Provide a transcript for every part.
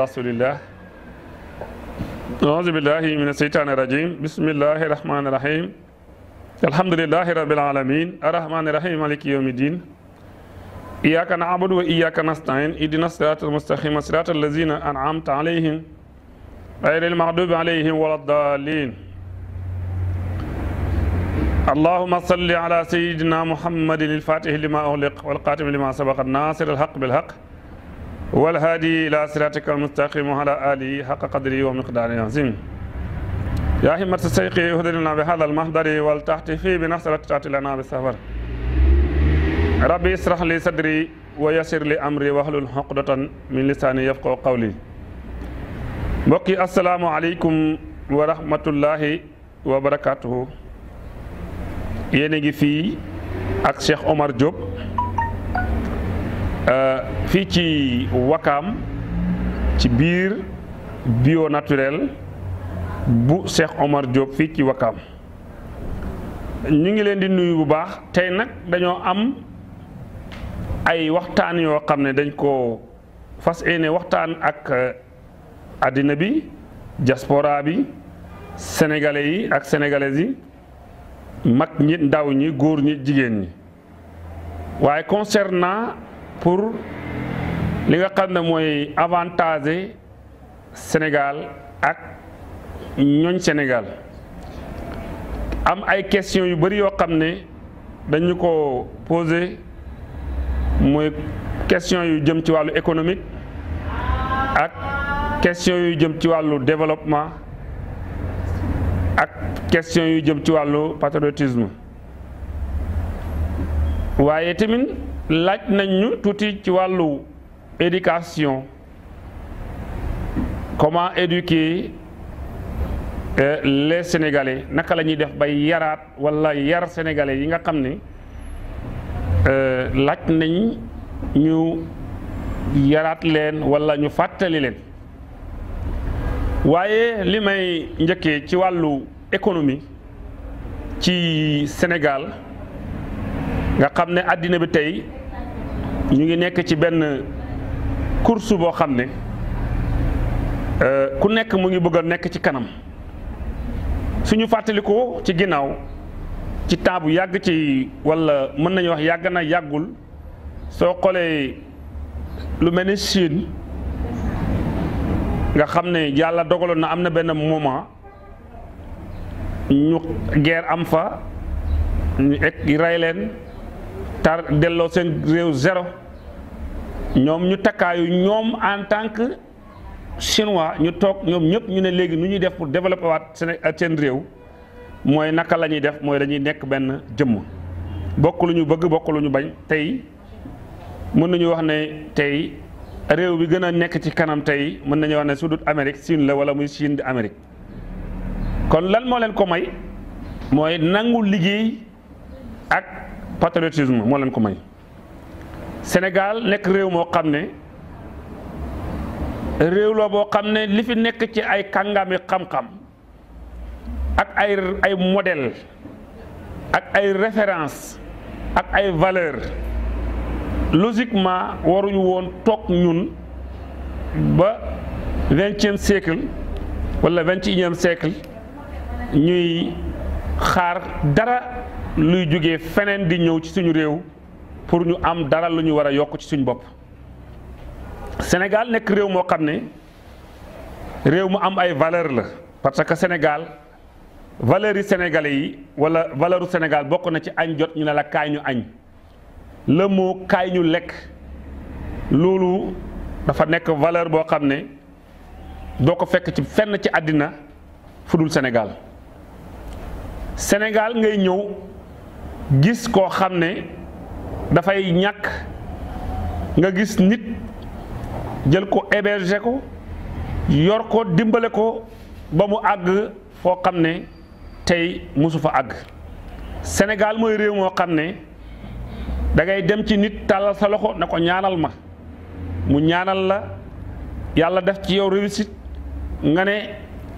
rasulillah auzu billahi min asheytaani irajim bismillahi rahmaani rahim alhamdulilahi rabil alamin arrahmaani rahim maliki yawmi din iyyaka na'budu wa iyyaka nasta'in ihdina sirata almustaqima sirata allazina an'amta alayhim غير المغضوب عليهم ولا الضالين اللهم صل على سيدنا محمد الفاتح لما أغلق والقاتم لما سبق الناصر الحق بالحق والهادي إلى صراطك المستقيم وعلى آله حق قدره ومقداره العظيم يا همة السيق اهدنا بهذا المهدر والتحت فيه بنصرة تأتي لنا بالسفر ربي اسرح لي صدري ويسر لي أمري واحلل عقدة من لساني يفقه قولي mbokki asalaamualeykum wa rahmatullahi wa barakaatuhu yéen a ngi fii ak Cheikh Omar Diop Euh, fii ci Wakaam ci biir bio naturel bu Cheikh Omar Diop fii ci Wakaam ñu ngi leen di nuyu bu baax tey nag dañoo am ay waxtaan yoo xam ne dañ ko fas yéene waxtaan ak àddina euh, bi diaspora bi sénégalais yi ak sénégalaises yi mag ñi ndaw ñi góor ñi jigéen ñi waaye concernant pour li nga xam ne mooy avantage Sénégal ak ñooñ Sénégal am ay question yu bëri yoo xam ne dañu ko posé mooy question yu jëm ci wàllu économique ak question yu jëm ci wàllu développement ak question yu jëm ci wàllu patriotisme waaye tamit laaj nañ ñu tuuti ci wàllu éducation comment éduquer euh, les sénégalais naka lañuy def bay yaraat wala yar sénégalais yi nga xam ne euh, laaj nañ ñu yaraat leen wala ñu fàttali leen waaye li may njëkkee ci wàllu économie ci Sénégal nga xam ne àddina bi tey ñu ngi nekk ci benn kurs boo xam ne euh, ku nekk mu ngi bëgg a nekk ci kanam suñu fàttalikoo ci ginnaaw ci taabu yàgg ci walla mën nañu wax yàgg na yàggul soo xoolee lu mel ni Chine nga xam ne yàlla dogaloon na am na benn moment ñu guerre am fa ñu ek rey leen tar delloo seen réew zéro ñoom ñu takkaayu ñoom en tant que chinois ñu toog ñoom ñëpp ñu ne léegi nu ñuy def pour développer waat seen euh, seen réew mooy naka la ñuy def mooy dañuy nekk benn jëmm bokk lu ñu bëgg bokk lu ñu bañ tey mën nañu wax ne tey réew bi gën a nekk ci kanam tey mën nañu wax ne su dut Amérique Chine la wala muy Chine di Amérique kon lan moo leen ko may mooy nangu liggéey ak patriotisme moo leen ko may Sénégal nekk réew moo xam ne réew la boo xam ne li fi nekk ci ay kàngami xam-xam ak ay ay ak ay référence ak ay valeur logiquement waruñu woon toog ñun ba vingtième siècle walla vingt et unième siècle ñuy xaar dara luy jóge feneen di ñëw ci suñu réew pour ñu am dara lu ñu war a yokk ci suñu bopp Sénégal nekk réew moo xam ne réew mu am ay valeur la parce que Sénégal valeurs yi sénégalais yi wala valeur u bokk na ci añ jot ñu ne la kaañu añ le mot kaay ñu lekk loolu dafa nekk valeur boo xam ne doo ko fekk ci fenn ci àddina fu dul Sénégal Sénégal ngay ñëw gis koo xam ne dafay ñàkk nga gis nit jël ko héberger ko yor ko dimbale ko ba mu àgg foo xam ne tey mosu fa àgg senegal mooy réew moo xam ne dangay dem ci nit tàllal sa loxo ne ko ñaanal ma mu ñaanal la yàlla def ci yow réussite nga ne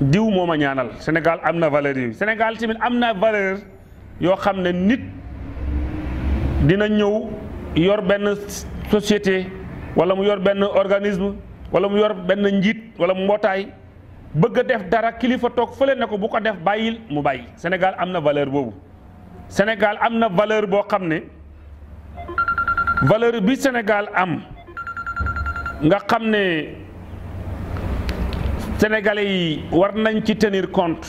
diw moom ma ñaanal senegal am na valeur yooyu Sénégal tamit am na valeur yoo xam ne nit dina ñëw yor benn société wala mu yor benn organisme wala mu yor benn njiit wala mu mbootaay bëgg a def dara kilifa toog fële ne ko bu ko def bàyyil mu bàyyi Sénégal am na valeur boobu Sénégal am na valeur boo xam ne valeur bi Sénégal am nga xam ne sénégalais yi war nañ ci tenir compte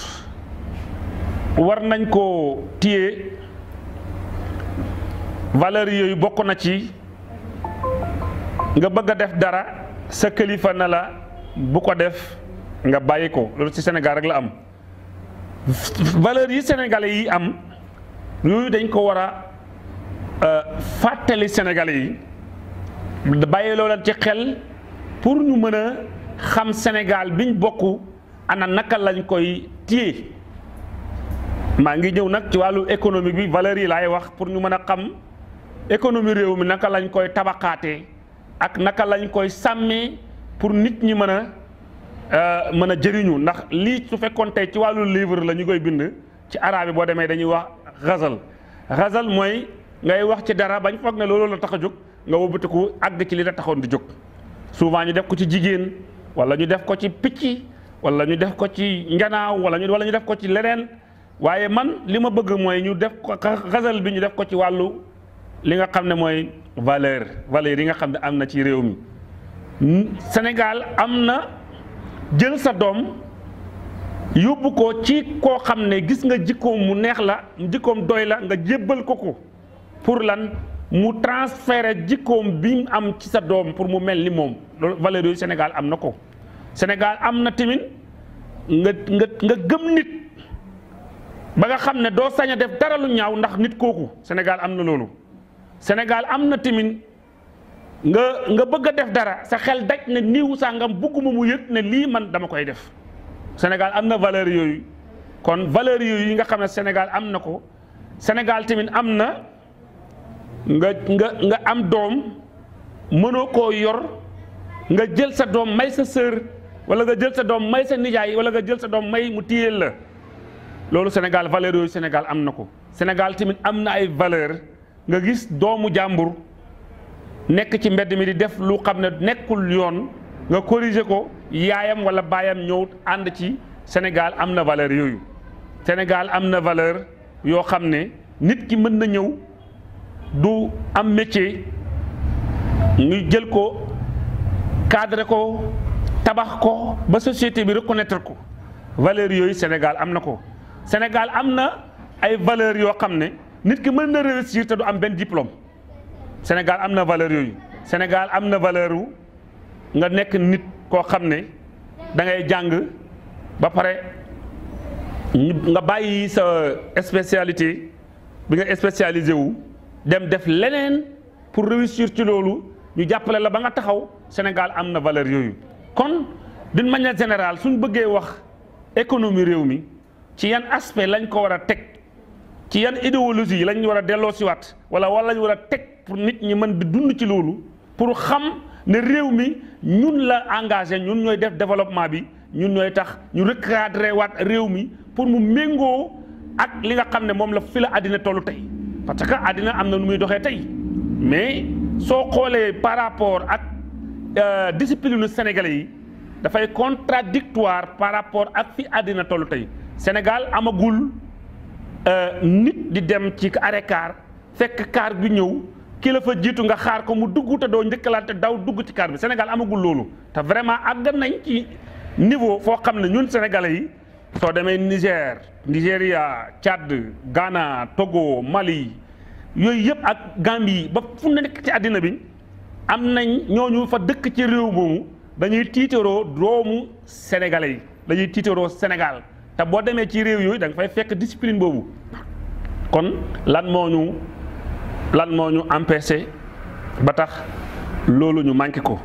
war nañ ko tiye valeur yooyu bokk na ci nga bëgg a def dara sa kilifa na la bu ko def nga bàyyi ko loolu ci Sénégal rek la am valeur yi sénégalais yi am yooyu dañ ko war a euh, fàttali sénégalais yi bàyyi loo ci xel pour ñu mën a xam Sénégal biñ bokk ana naka lañ koy téye maa ngi ñëw nag ci wàllu économique bi valeur yi laay wax pour ñu mën a xam. économie réew mi naka lañ koy tabaxaatee ak naka lañ koy sàmmee pour nit ñi mën a euh, mën a jëriñu ndax lii su fekkoon tey ci wàllu livre la ñu koy bind ci arabe boo demee dañuy wax xasal xasal mooy ngay wax ci dara bañ foog ne loolu la tax a jóg nga ko àgg ci li la taxoon di jóg souvent ñu def ko ci jigéen wala ñu def ko ci picc wala ñu def ko ci njanaaw wala ñu wala ñu def ko ci leneen waaye man li ma bëgg mooy ñu def ko xasal bi ñu def ko ci wàllu li nga xam ne mooy valeur valeur yi nga xam ne am na ci réew mi Sénégal am na jël sa doom yóbbu ko ci koo xam ne gis nga jikkoom mu neex la jikkoom doy la nga jébbal ko ko pour lan mu transférer jikkoom bi am ci sa doom pour mu mel ni moom loolu valeur yooyu Sénégal am na ko senegal am na tamit nga nga nga gëm nit ba nga xam ne doo sañ def dara lu ñaaw ndax nit kooku senegal am na loolu Sénégal am na tamit nga nga bëgg a def dara sa xel daj ne niiwu sàngam bugguma mu yëg ne lii man dama koy def Sénégal am na valeur yooyu kon valeur yooyu yi nga xam ne Sénégal am na ko Sénégal tamit am na nga nga nga am doom mënoo koo yor nga jël sa doom may sa sœur wala nga jël sa doom may sa nijaay wala nga jël sa doom may mu téyeel la loolu Sénégal valeur yooyu Sénégal am na ko Sénégal tamit am na ay valeur nga gis doomu jàmbur nekk ci mbedd mi di def lu xam ne nekkul yoon nga corriger ko yaayam wala baayam ñëw ànd ci Sénégal am na valeur yooyu Sénégal am na valeur yoo xam ne nit ki mën na ñëw du am métier ñu jël ko cadre ko tabax ko ba société bi reconnaître ko valeur yooyu Sénégal am na ko Sénégal am na ay valeur yoo xam ne nit ki mën na réussir te du am benn diplôme Sénégal am na valeur yooyu Sénégal am na valeur wu nga nekk nit koo xam ne da ngay jàng ba pare nga bàyyi sa spécialité bi nga spécialisé wu dem def leneen pour réussir ci loolu ñu jàppale la ba nga taxaw Sénégal am na valeur yooyu kon d'une manière générale suñ bëggee wax économie réew mi ci yan aspect lañ ko war a teg ci yan idéologie yi lañ war a delloo siwaat wala wala lañ war a teg pour nit ñi mën di dund ci loolu pour xam ne réew mi ñun la engagé ñun ñooy def développement bi ñun ñooy tax ñu recadré waat réew mi pour mu méngoo ak li nga xam ne moom la fi la àddina tollu tey parce que àddina am na nu muy doxee tey mais soo xoolee par rapport ak euh, discipline nu Sénégalais yi dafay contradictoire par rapport ak fi àddina tollu tey Sénégal amagul Euh, nit di dem ci arrêt car fekk car bi ñëw ki fa jiitu nga xaar ko mu dugg te doo njëkkalante daw dugg ci car bi Sénégal amagul loolu te vraiment àgg nañ ci niveau foo xam ne ñun sénégalais yi soo demee Niger Nigéria Tchad Ghana Togo Mali yooyu yëpp ak Gambie ba fu ne nekk ci àddina bi am nañ ñooñu fa dëkk ci réew moomu dañuy tiitaroo doomu sénégalais yi dañuy tiitaroo Sénégal. te boo demee ci réew yooyu da nga fay fekk discipline boobu kon lan moo ñu lan moo ñu empêché ba tax loolu ñu manqué ko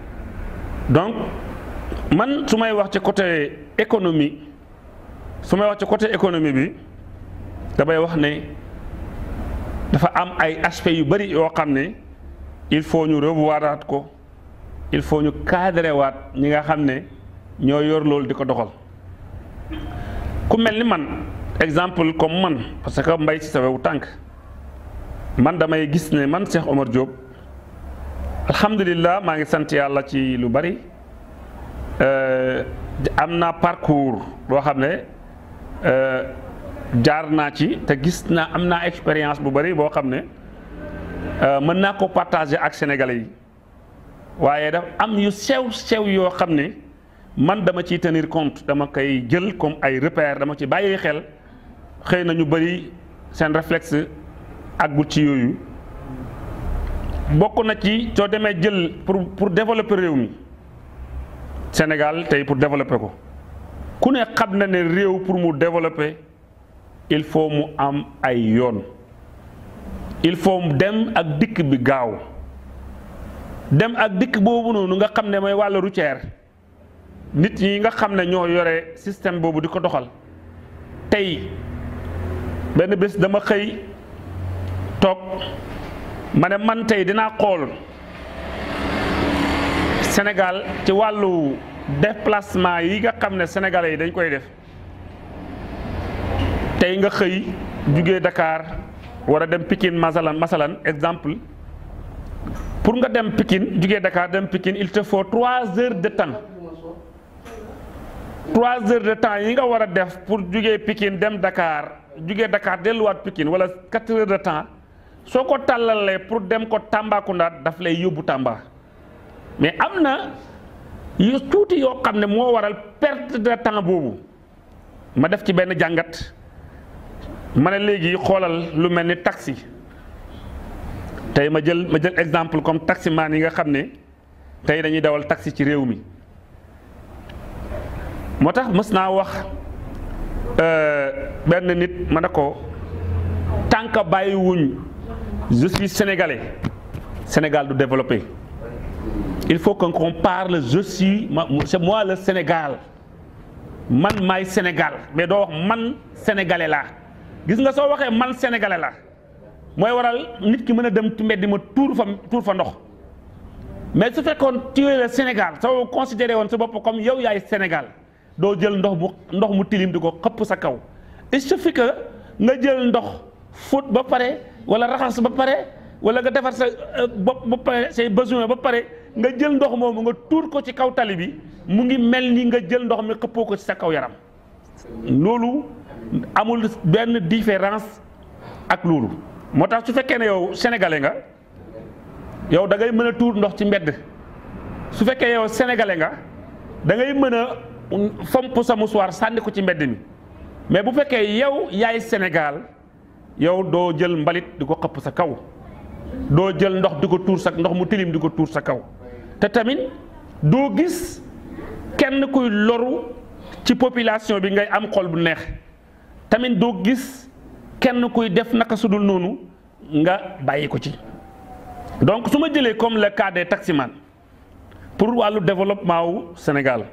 donc man su may wax ci côté économie su may wax ci côté économie bi damay wax ne dafa am ay aspects yu bari yoo xam ne il faut ñu revoiraat ko il faut ñu cadré waat ñi nga xam ne ñoo yor loolu di ko doxal ku mel ni man exemple comme man parce que mbay ci sawewu tànk man damay gis ne man Cheikh Omar Diop alhamdulilah maa ngi sant yàlla ci lu bari euh, am na parcours boo xam ne euh, jaar naa ci te gis naa am naa expérience bu bari boo xam ne euh, mën naa ko partager ak sénégalais yi waaye daf am yu sew sew yoo xam ne. man dama ciy tenir compte dama koy jël comme ay repère dama ci bàyyi xel xëy na ñu bëri seen réflexe àggul ci yooyu bokk na ci soo demee jël pour pour développer réew mi Sénégal tey pour développer ko ku ne xam na ne réew pour mu développer il faut mu am ay yoon il faut mu dem ak dikk bi gaaw dem ak dikk boobu noonu nga xam ne mooy wàllu routière nit ñi nga xam ne ñoo yore système boobu di ko doxal tey benn bés dama xëy toog ma ne man tey dinaa xool Sénégal ci wàllu déplacement yi nga xam ne sénégalais yi dañ koy def tey nga xëy jugee Dakar war a dem Pikine masalan masalan exemple pour nga dem Pikine jugee dakaar dem Pikine il te faut trois heures de temps. trois heures de temps yi nga war a def pour jugee Pikine dem dakaar jugee dakaar delluwaat Pikine wala quatre heures de temps soo ko tàllalee pour dem ko Tambacounda daf lay yóbbu Tamba mais am na yu tuuti yoo xam ne moo waral perte de temps boobu ma def ci benn jàngat ma ne léegi xoolal lu mel ni taksi tey ma jël ma jël exemple comme taximan yi nga xam ne tey dañuy dawal taksi ci réew mi. moo tax mës naa wax euh, benn nit ma ne ko tant que bàyyiwuñ je suis sénégalais Sénégal du développé il faut qu'on parle je suis c'est moi le Sénégal man maay Sénégal mais doo wax man sénégalais laa gis nga soo waxee man sénégalais la mooy waral nit ki mën a dem ci mbedd ma tuur fa tuur fa ndox mais su fekkoon ti es le Sénégal soo considéré woon sa bopp comme yow yaay Sénégal doo jël ndox mu ndox mu tilim di ko xëpp sa kaw il suffit que nga jël ndox fóot ba pare wala raxas ba pare wala nga defar sa euh, bopp ba pare say bason ba pare nga jël ndox moomu nga tuur ko ci kaw tali bi mu ngi mel ni nga jël ndox mi xëppoo ko ci sa kaw yaram loolu amul benn différence ak loolu moo tax su fekkee ne yow sénégalais nga yow da ngay mën a tuur ndox ci mbedd su fekkee yow sénégalais nga da ngay fomp sa musuwaar sànni ko ci mbedd mi mais bu fekkee yow yaay Sénégal yow doo jël mbalit di ko xëpp sa kaw doo jël ndox di ko tuur sa ndox mu tilim di ko tuur sa kaw te tamit doo gis kenn kuy loru ci population bi ngay am xol bu neex tamit doo gis kenn kuy def naka sudul noonu nga bàyyi ko ci donc su ma jëlee comme le cas des taximans pour wàllu développement wu Sénégal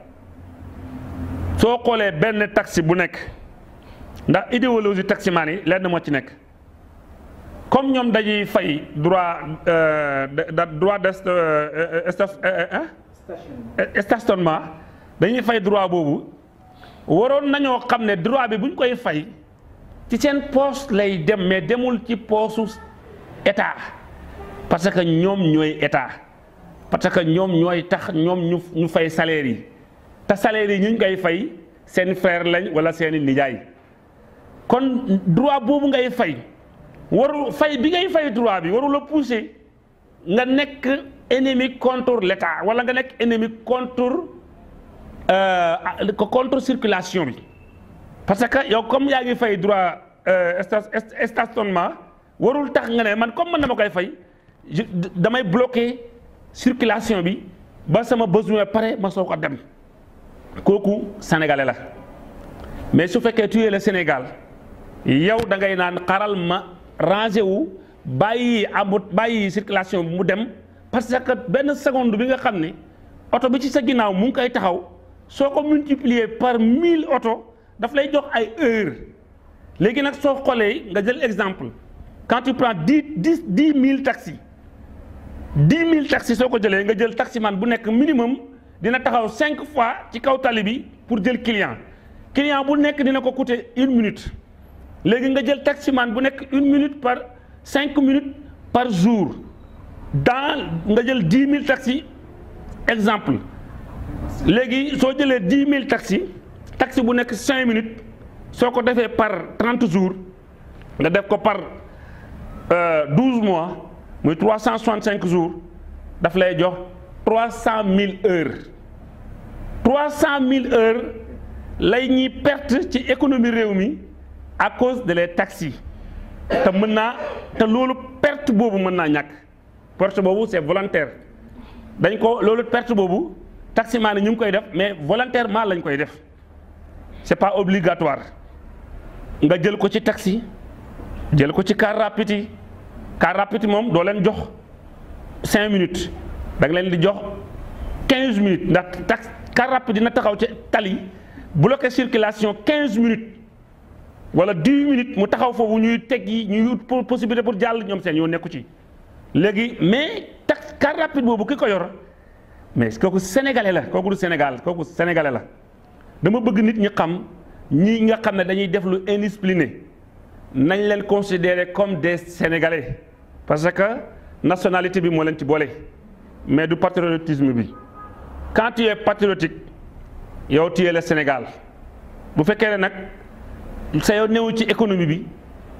soo xoolee benn taxi bu nekk ndax idéologie taximaan yi lenn moo ci nekk comme ñoom dañuy fay droit euh, da droit de euh, euh, stationnement dañuy fay droit boobu waroon nañoo xam ne droit bi buñ koy fay ci seen poche lay dem mais demul ci poosu état parce que ñoom ñooy état parce que ñoom ñooy tax ñoom ñu ñu fay salaire yi te salaire yi ñu koy fay seen frère lañ wala seeni nijaay kon droit boobu ngay fay waru fay bi ngay fay droit bi waru la nga nekk ennemi contre l'État wala nga nekk ennemi contre euh, contre circulation bi parce que yow comme yaa ngi fay droit euh, stationnement warul tax nga ne man comme man dama koy fay damay bloquer circulation bi ba sama besoin pare ma soo ko dem kooku sénégalais la mais su fekkee tu es Sénégal yow da ngay naan xaral ma rangé wu bàyyi amut bàyyi circulation bi mu dem parce que benn seconde bi nga xam ni oto bi ci sa ginnaaw mu ngi koy taxaw soo ko multiplier par mille oto daf lay jox ay heure léegi nag soo xoolee nga jël exemple quand tu prends dix dix mille taxi dix mille taxis soo ko jëlee nga jël taximan bu nekk minimum. dina taxaw cinq fois ci kaw tali bi pour jël client client bu nekk dina ko coûter une minute léegi nga jël taximan bu nekk une minute par cinq minutes par jour dans nga jël dix mille taxi exemple léegi soo jëlee dix mille taxi taxi bu nekk cinq minutes soo ko defee par trente jours nga def ko par euh, douze mois muy trois cent soixante cinq jours daf lay jox. trois cent mille heures trois cent mille heures lay ñi perte ci économie réew mi à cause de les taxes te mën naa te loolu perte boobu mën naa ñàkk perte boobu c'est volontaire dañ ko loolu perte boobu taximan ne ñu ngi koy def mais volontairement lañ koy def c'est pas obligatoire nga jël ko ci taxi jël ko ci car rapide yi car rapide moom doo leen jox cinq minutes da nga leen di jox quinze minutes ndax tax car rapide dina taxaw ci tali bloqué circulation quinze minutes wala 10 minutes mu taxaw foofu ñuy teg yi ñuy ut pour possibilité pour jàll ñoom seen yoon nekku ci. léegi mais tax car rapide boobu ki ko yor mais kooku sénégalais la kooku du Sénégal kooku sénégalais la dama bëgg nit ñi xam ñi nga xam ne dañuy def lu indiscipliné nañ leen considérer comme des sénégalais parce que nationalité bi moo leen ci boolee mais du patriotisme bi quand tu yow tu es Sénégal bu fekkee ne nag sa yoo newu ci économie bi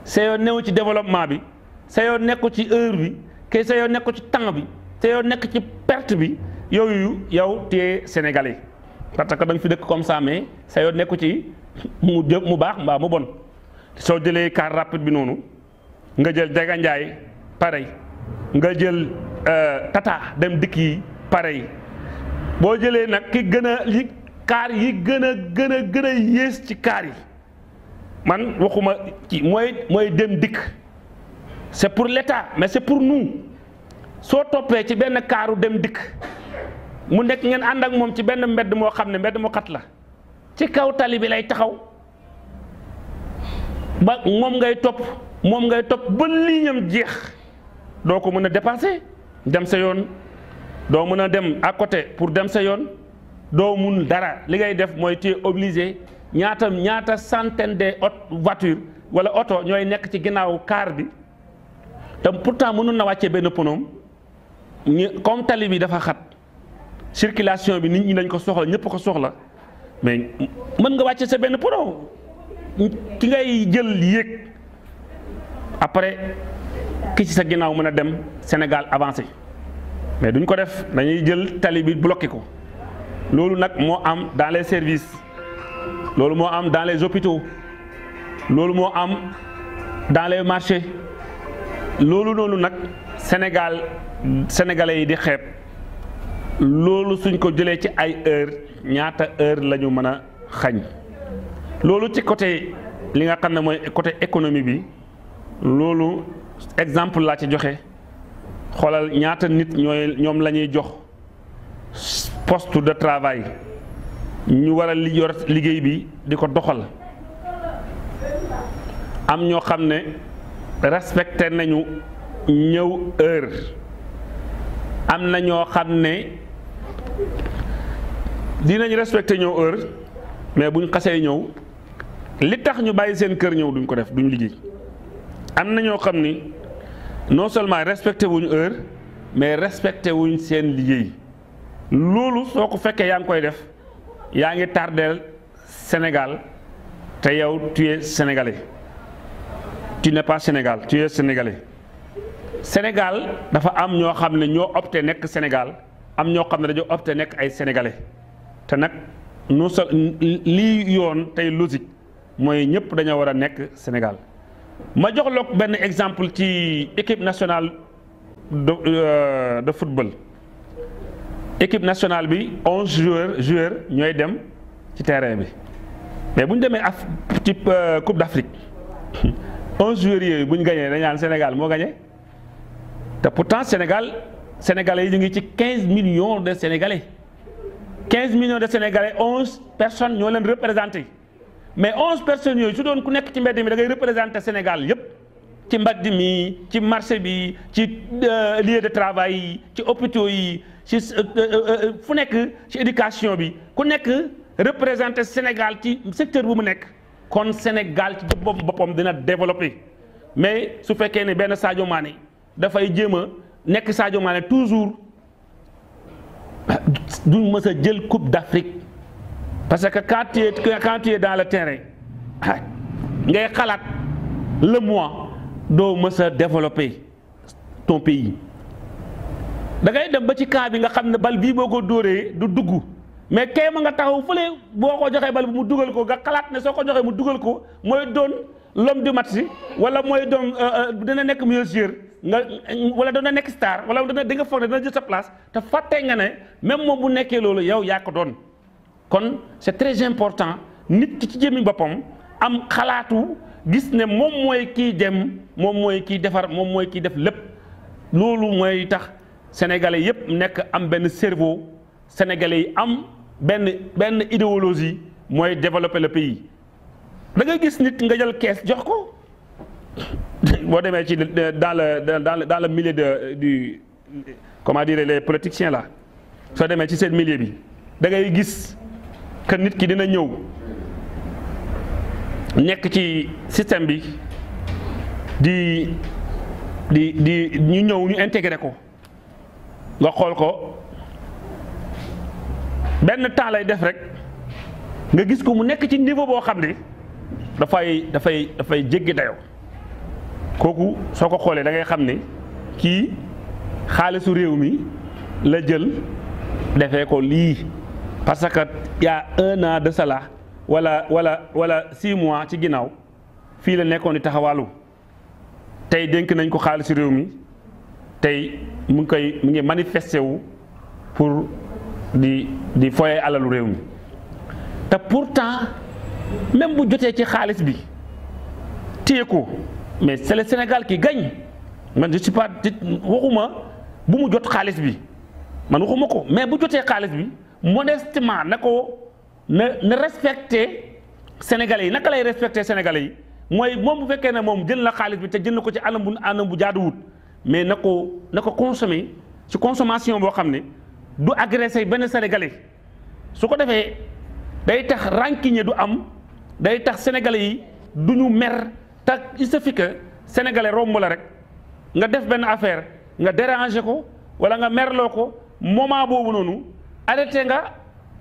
sa yoo newu ci développement bi sa yoo nekku ci heure bi ke sa yoo nekku ci temps bi sa yoo nekk ci perte bi yooyu yow tu es sénégalais parce que da nga fi dëkk comme ça mais sa yoo nekku ci mu jë mu baax mbaa mu bon soo jëlee car rapide bi noonu nga jël Dega Ndiaye pareil nga jël. Euh, tata dem dikk yi pare yi boo jëlee nag ki gën a li kaar yi gën a gën a gën a yées ci kaar yi man waxuma ci mooy mooy dem dikk c'est pour l'État mais c'est pour nous soo toppee ci benn kaaru dem dikk mu nekk ngeen ànd ak moom ci benn mbedd moo xam ne mbedd mu xat la ci kaw tali bi lay taxaw ba moom ngay topp moom ngay topp ba liiñam jeex doo ko mën a dépasé dem sa yoon doo mën a dem à côté pour dem sa yoon doo mun dara li ngay def mooy tu es ñaatam ñaata ñaata de ot voiture wala oto ñooy nekk ci ginnaaw car bi pour pourtant mënul na wàcce benn ponoom ñu comme tali bi dafa xat circulation bi nit ñi lañ ko soxla ñëpp ko soxla mais mën nga wàcce sa benn pono ki ngay jël yéeg après. ki ci sa ginnaaw mën a dem Sénégal avancé mais duñ ko def dañuy jël tali bi ko loolu nag moo am dans les services loolu moo am dans les hôpitaux loolu moo am dans les marchés loolu noonu nag Sénégal sénégalais yi di xeeb loolu suñ ko jëlee ci ay heure ñaata heure la ñu mën a xañ loolu ci côté li nga xam ne mooy côté économie bi loolu exemple laa ci joxe xoolal ñaata nit ñooy ñoom la ñuy jox poste de travail ñu waral a liggéey bi di ko doxal am ñoo xam ne respecté nañu ñëw heure am na ñoo xam ne dinañu respecté ñëw heure mais buñ xasee ñëw li tax ñu bàyyi seen kër ñëw duñ ko def duñu liggéey am na ñoo xam ni non seulement respecté wuñ heure mais respecté wuñ seen liggéey loolu soo ko fekkee yaa ngi koy def yaa ngi tardeel Sénégal te yow tu es sénégalais tu Sénégal tu es Sénégal dafa am ñoo xam ne ñoo opté nekk Sénégal am ñoo xam ne dañoo opté nekk ay sénégalais te nag non seulement lii yoon tey logique mooy ñëpp dañoo war a nekk Sénégal. ma jox la benn exemple ci équipe nationale de euh, de football équipe nationale bi onze joueurs joueurs ñooy dem ci terrain bi mais bu ñu demee af ci euh, coupe d'Afrique onze joueurs yooyu buñ ñu gañee dañ Sénégal moo gañee te pourtant Sénégal sénégalais yi ñu ngi ci quinze millions de sénégalais quinze millions de sénégalais onze personnes ñoo leen représenté. mais onze personnes yooyu su doon ku nekk ci mbedd mi da ngay représenter Sénégal yépp ci mbedd mi ci marché bi ci euh, lieu de travail yi ci hôpitaux yi ci euh, euh, fu nekk ci éducation bi ku nekk représenter Sénégal ci secteur bu mu nekk kon Sénégal ci bopp boppam dina développer mais su fekkee ne benn Sadio Mané dafay jéem a nekk Sadio Mané toujours duñ mës a jël coupe d'Afrique parce que quand tu es quand tu es dans le terrain ah, ngay xalaat le mois doo mës a développer ton pays da dem ba ci cas bi nga xam ne bal bii boo ko dóoree du dugg mais kay ma nga taxaw fële boo ko joxee bal bi mu dugal ko nga xalaat ne soo ko joxee mu dugal ko mooy doon l'homme du si wala mooy doon euh, euh, dina nekk meilleur nga wala dana nekk star wala dana di nga foog na dana jël sa place te fàttee nga ne même moom bu nekkee loolu yow yaa ko doon. kon c'est très important nit ki ci jëmmi boppam am xalaatu gis ne moom mooy kii dem moom mooy kii defar moom mooy kii def lépp loolu mooy tax sénégalais yëpp nekk am benn cerveau sénégalais yi am benn benn idéologie mooy développer le pays da nga gis nit nga jël kees jox ko boo demee ci dans le dans le dans le de du comment dire les politiciens la soo demee ci seen milieu bi da gis que nit ki dina ñëw nekk ci système bi di di di ñu ñëw ñu intégré ko nga xool ko benn temps lay def rek nga gis ko mu nekk ci niveau boo xam ne dafay dafay dafay jéggi dayoo kooku soo ko xoolee dangay xam ne kii xaalisu réew mi la jël defee ko lii parce que y a un de cela wala wala wala six mois ci ginnaaw fii la nekkoon di taxawaalu tey dénk nañ ko xaalisu réew mi tey mu ngi koy mu ngi manifesté wu pour di di foye alalu réew mi te pourtant même bu jotee ci xaalis bi téye ko mais c'est le Sénégal qui gagne man je pas waxuma bu mu jot xaalis bi man waxuma ko mais bu jotee xaalis bi. modestement na ko na na respecté sénégalais yi naka lay respecté sénégalais yi mooy moom bu fekkee ne moom jël na xaalis bi te jënd ko ci anam bu anam bu jaaduwut mais na ko na ko consommé ci consommation boo xam ne du agressé benn sénégalais su ko defee day tax rancune du am day tax sénégalais yi du ñu mer te il suffit que sénégalais romb la rek nga def benn affaire nga déranger ko wala nga merloo ko moment boobu noonu. arrêté nga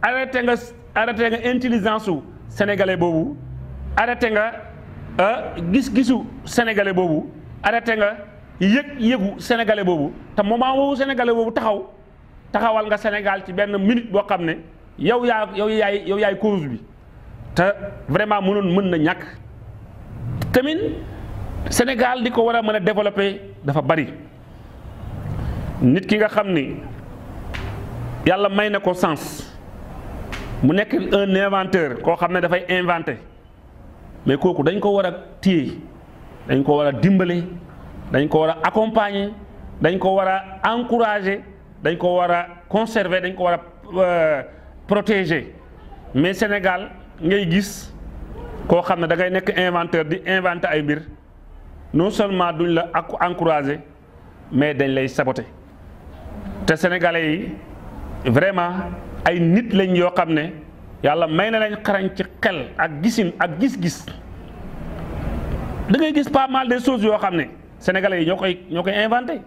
arrêté nga arrêté nga intelligence su sénégalais boobu arrêté nga euh, gis-gisu sénégalais boobu arrêté nga yëg-yëgu sénégalais boobu te moment woowu sénégalais boobu taxaw taxawal nga Sénégal ci benn minute boo xam ne yow yaa yow yaay yow yaay cause bi te vraiment mënoon mën na ñàkk tamit Sénégal di ko war a mën a développer dafa bari nit ki nga xam ni. yàlla may na ko sens mu nekk un inventeur koo xam ne dafay inventé mais kooku dañ ko war a téye dañ ko war a dimbale dañ ko war a accompagner dañ koo war a encourager dañ koo war a conserver dañ ko war a euh, protéger mais Sénégal ngay gis koo xam ne da ngay nekk inventeur di inventer ay mbir non seulement duñ la encourager mais dañ lay saboter te sénégalais vraiment ay nit lañ yoo xam ne yàlla may na lañ xarañ ci xel ak gisin ak gis-gis da ngay gis pas mal de choses yoo xam ne sénégale yi ñoo koy ñoo koy inventé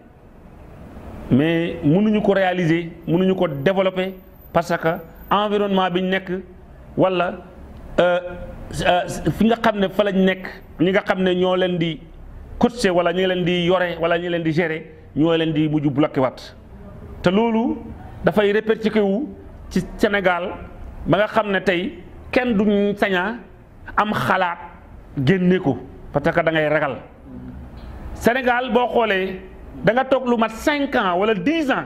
mais mënuñu ko réaliser mënuñu ko développer parce que environnement bi ñu nekk walla euh, euh, fi nga xam ne fa lañ nekk ñi nga xam ne ñoo leen di coacher walla ñi leen di yore walla ñi leen di gérer ñoo leen di mujj bloqué waat te loolu dafay répercuté wu ci Sénégal ba nga xam ne tey kenn duñ saña am xalaat génne ko parce que da ngay ragal Sénégal boo xoolee da nga toog lu mat cinq ans wala dix ans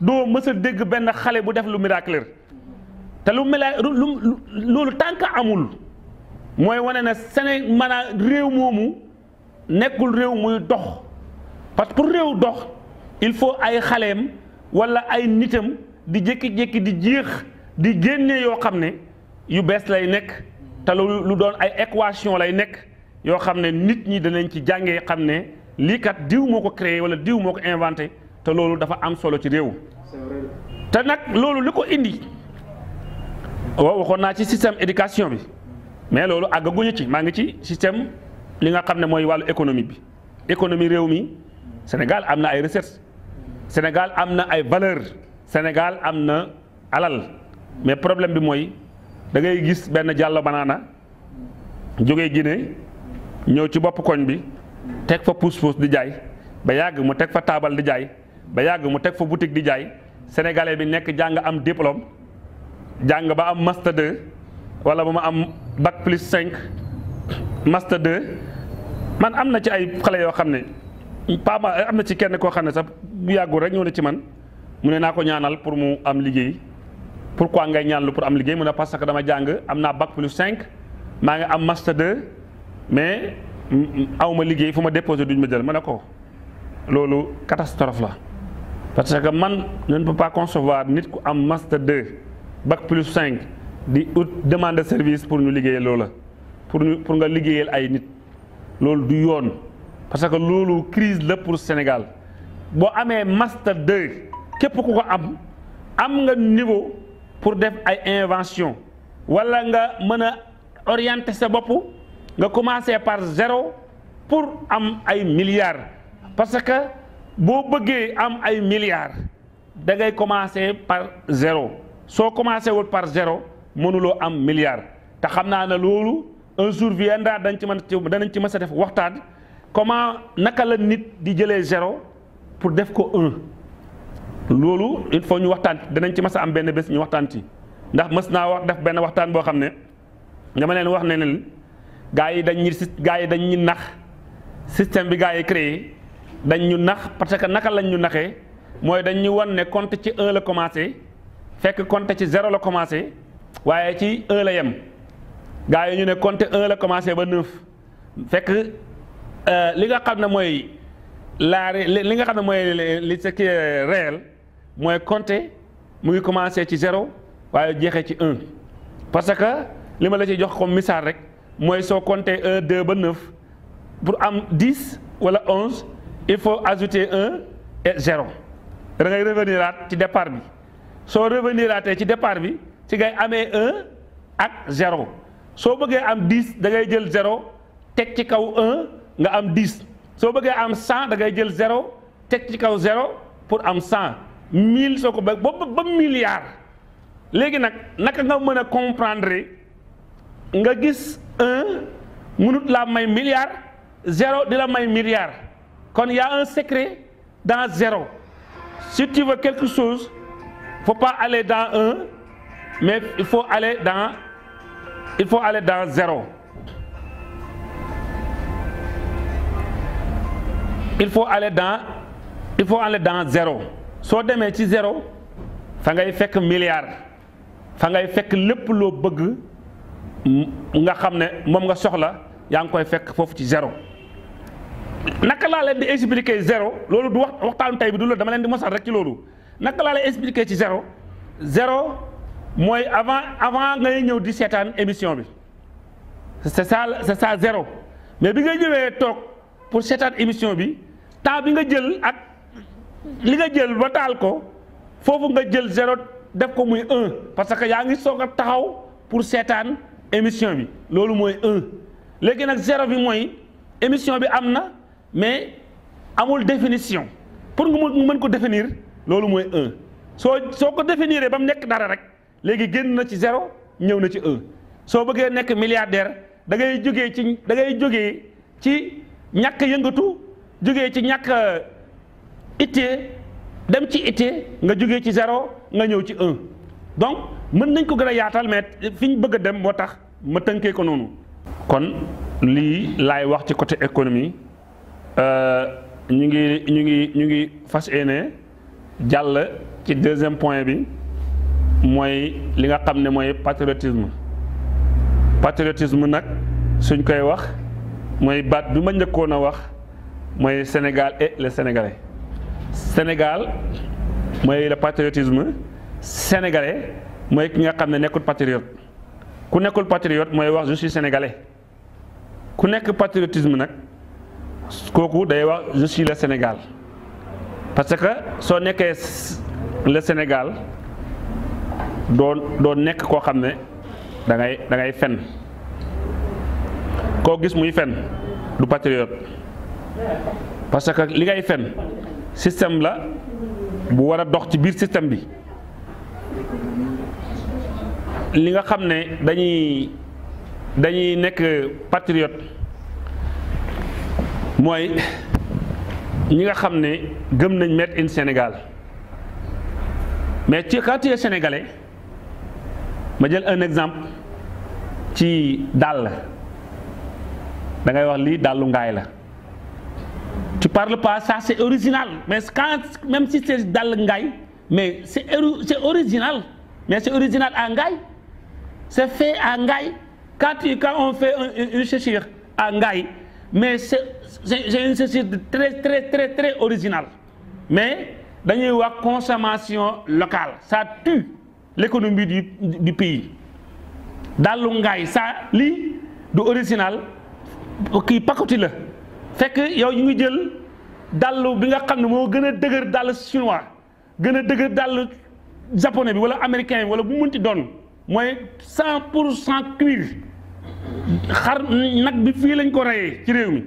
doo mës a dégg benn xale bu def lu miracle te lu mila lu loolu tànk amul mooy wane na Séné maanaam réew moomu nekkul réew muy dox parce que pour réew dox il faut ay xaleem. wala ay nitam di jékki-jékki di jéex di génne yoo xam ne yu bees lay nekk te lu lu doon ay équation lay nekk yoo xam ne nit ñi danañ ci jàngee xam ne lii kat diw moo ko créé wala diw moo ko inventé te loolu dafa am solo ci réew. te nag loolu li ko indi waaw waxoon naa ci système éducation bi mais loolu àggaguñu ci maa ngi ci système li nga xam ne mooy wàllu économie bi économie réew mi Sénégal am na ay recettes. Sénégal am na ay valeur Sénégal am na alal mais problème bi mooy da ngay gis benn Diallo Banana jógee Guinée ñëw ci bopp koñ bi teg fa pousse-pousse di jaay ba yàgg mu teg fa taabal di jaay ba yàgg mu teg fa boutique di jaay sénégalais bi nekk jàng am diplôme jàng ba am master 2 wala ba ma am bac plus 5 master man am na ci ay xale yoo xam ne. pas eh, am na ci kenn koo xam ne sax bu yàggul rek ñëw na ci man mu ne naa ko ñaanal pour mu am liggéey pour pourquoi ngay ñaanlu pour am liggéey mu ne parce que dama jàng am naa bac plus 5 maa ngi am master de mais mm, aw ma liggéey fu ma déposé duñ ma jël ma ne ko loolu catastrophe la parce que man je ne peux pas concevoir nit ku am master de bac plus cinq di ut demande service pour ñu liggéeyal la pour ñu pour nga liggéeyal ay nit loolu du yoon. parce que loolu crise la pour Sénégal boo amee master 2 képp ku ko am am nga niveau pour def ay invention wala nga mën a orienter sa bopp nga commencer par zéro pour am ay milliards parce que boo bëggee am ay milliards da ngay commencer par zéro soo commencé wul par zéro mënuloo am milliard te xam naa ne loolu un jour viendra dañ ci mën danañ ci mës a def waxtaan comment naka lañ nit di jëlee zéro pour def ko loolu il faut ñu waxtaan danañ ci mas a am benn bés ñu waxtaan ci ndax mës naa wax def benn waxtaan boo xam ne dama leen wax ne leen gaa yi dañ ñu si gaa yi dañ ñu nax système bi gaa yi créer dañ ñu nax parce que naka lañ ñu naxee mooy dañ ñu wan ne compte ci un la commencé fekk compte ci zéro la commencé waaye ci un la yem gaa yi ñu ne compte un la commencé ba neuf fekk. Euh, li nga xam ne mooy la li nga xam ne mooy li ce qui est mooy compter mu ngi commencé ci zéro waaye jeexee ci un parce que li ma la ci jox comme misaal rek mooy soo compter un deux ba neuf pour am dix wala onze il faut ajouter un et zéro da ngay revenir ci départ bi soo revenir aatee ci départ bi ci ngay amee un ak zéro soo bëggee am dix da ngay jël zéro teg ci kaw nga am 10 soo bëggee am cent da ngay jël zéro teg ci kaw zéro pour am cent 1000 soo ko bëgg ba ba milliard léegi nag naka nga mën a comprendre nga gis un mënut laa may milliard zéro di la may milliard kon y' a secret dans zéro si tu veux quelque chose faut pas aller dans un mais il faut aller dans il faut ale dans zéro. il faut aller dans il faut aller dans zéro soo demee ci zéro fa ngay fekk milliard fa ngay fekk lépp loo bëgg nga xam ne moom nga soxla yaa ngi koy fekk foofu ci zéro naka laa leen di expliquer zéro loolu du wax waxtaanu tey bi du la dama leen di mosal rek ci loolu naka laa leen expliquer ci zéro zéro mooy avant avant ngay ñëw di seetaan émission bi c'est ça c'est ça mais bi ngay ñëwee toog pour seetaan émission bi temps bi nga jël ak li nga jël ba taal ko foofu nga jël zéro def ko muy un parce que yaa ngi soog a taxaw pour seetaan émission bi loolu mooy un léegi nag sero bi mooy émission bi am na mais amul définition pour nga mën ko définir loolu mooy un soo soo ko définiree ba mu nekk dara rek léegi génn na ci zéro ñëw na ci un soo bëggee nekk milliardaire da ngay jógee ci da ngay jógee ci ñàkk yëngatu. jógee ci ñàkk euh, ittee dem ci ittee nga jóge ci zéro nga ñëw ci donc mën nañ ko gën a yaatal mais fi ñu bëgg a dem moo tax ma tënkee ko noonu. kon lii laay wax ci côté économie euh, ñu ngi ñu ngi ñu ngi fas yéene jàll ci deuxième point bi mooy li nga xam ne mooy patriotisme patriotisme nag suñ koy wax mooy baat bi ma njëkkoon a wax. mooy Sénégal et les Sénégalais Sénégal mooy le patriotisme sénégalais mooy ki nga xam ne nekkul patriote ku nekkul patriote mooy wax je suis ku nekk patriotisme nag kooku day wax je suis Sénégal parce que soo nekkee le Sénégal doon doon nekk koo xam ne dangay dangay fen koo gis muy fen du patriote parce que li ngay fen système la bu war a dox ci biir système bi li nga xam ne dañuy dañuy nekk patriote mooy ñi nga xam ne gëm nañ made in Sénégal mais ci quand tu es ma jël un exemple ci dàll dangay wax lii dàllu ngaay la. tu parles pas ça c'est original mais quand même si c'est dal ngaay mais c'est c'est original mais c'est original à ngaay c'est fait à ngaay quand tu quand on fait une, une chaussure à mais c'est c'est une chaussure très très très originale mais dañuy wax consommation locale ça tue l'économie du du pays dalu ngaay ça lii de original kii pakoti la fekk yow ñu ngi jël dàll bi nga xam ne moo gën a dëgër dàll chinois gën a dëgër dàll japonais bi wala américain bi wala bu mënti doon mooy cent pour cent cuir xar nag bi fii lañ ko reyee ci réew mi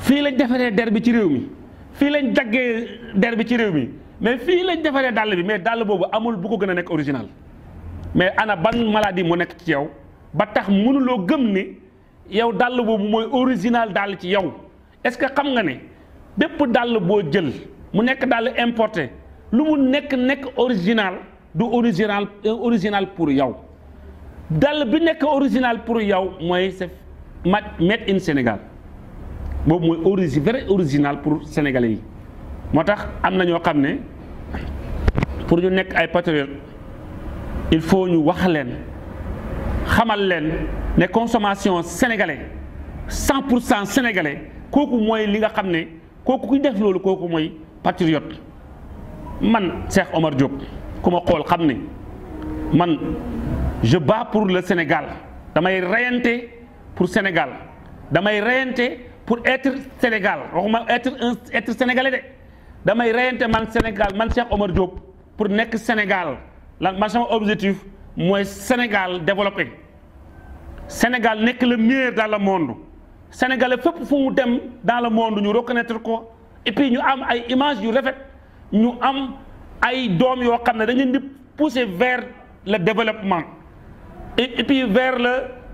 fii lañ defaree der bi ci réew mi fii lañ daggee der bi ci réew mi mais fii lañ defaree dàll bi mais dàll boobu amul bu ko gën a nekk original mais ana ba maladie moo nekk ci yow ba tax mënuloo gëm ni yow dàll boobu mooy original dàll ci yow est-ce que xam nga ne bépp dàll boo jël mu nekk dàll importé lu mu nekk nekk original du original original pour yow dàll bi nekk original pour yow mooy sa mat made in Sénégal boobu mooy origi vrai original pour sénégalais yi moo tax am na ñoo xam ne pour ñu nekk ay patriote il faut ñu wax leen. xamal leen ne consommation sénégalais cent pour cent sénégalais kooku mooy li nga xam ne kooku kuy def loolu kooku mooy patriote man Cheikh Omar Diop ku ma xool xam ne man je bats pour le Sénégal damay reyante pour Sénégal damay reyante pour être Sénégal waxuma être un être sénégalais de damay reyante man Sénégal man Cheikh Omar Diop pour nekk Sénégal lan man sama objectif mooy Sénégal développé Sénégal nekk la meilleur dans le monde Sénégalais fépp fu mu dem dans le monde ñu reconnaître ko et puis ñu am ay image yu rafet ñu am ay doom yoo xam ne dañu leen di pousser vers le développement et puis vers le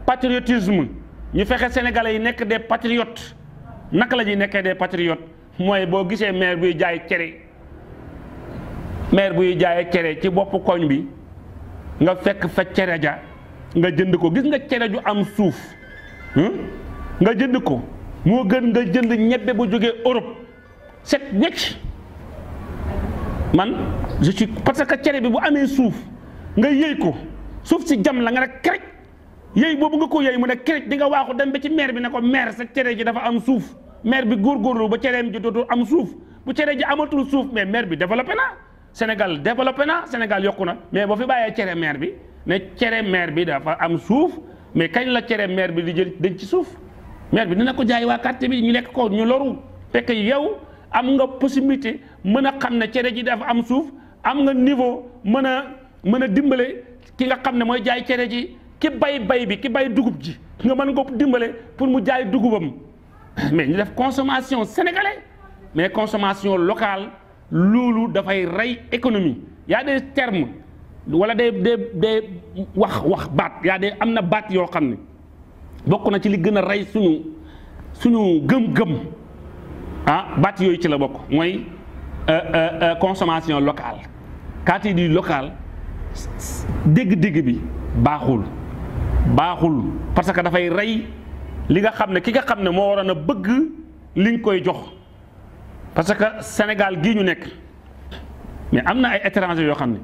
patriotisme ñu fexe Sénégalais yi nekk des patriotes naka la ñuy nekkee des patriotes mooy boo gisee maire buy jaay cere maire buy jaayee cere ci bopp koñ bi. nga fekk fa cere ja nga jënd ko gis nga cere ju am suuf hmm? nga jënd ko moo gën nga jënd ñebbe bu jógee Europe set wecc man je suis parce que cere bi bu amee suuf nga yëy ko suuf si jam la nga ne kerec yëy boobu nga ko yëy mu ne kerec di nga waaxu dem ba ci maire bi ne ko maire sa cere ji dafa am suuf maire bi góor góorgóorlu ba cereem ji dootul am suuf bu cere ji amatul suuf mais maire bi développé na Sénégal développé na Sénégal yokku na mais boo fi bàyyee cere maire bi ne cere maire bi dafa am suuf mais kañ la cere maire bi di jël dañ ci suuf maire bi dina ko jaay waa quartier bi ñu lekk ko ñu loru fekk yow am nga possibilité mën a xam ne cere ji dafa am suuf am nga niveau mën a mën a dimbale ki nga xam ne mooy jaay cere ji ki bay bay bi ki bay dugub ji nga mën ko dimbale pour mu jaay dugubam mais ñu def consommation sénégalais mais consommation local loolu dafay rey économie y a des termes wala de des wax wax baat y a am na baat yoo xam ne bokk na ci li gën a rey suñu suñu gëm-gëm ah baat yooyu ci la bokk mooy euh, euh, euh, consommation locale quand il dit local dégg bi baaxul baaxul parce que dafay rey li nga xam ne ki nga xam ne moo waroon a bëgg liñ koy jox parce que Sénégal gii ñu nekk mais am na ay étrangers yoo xam ne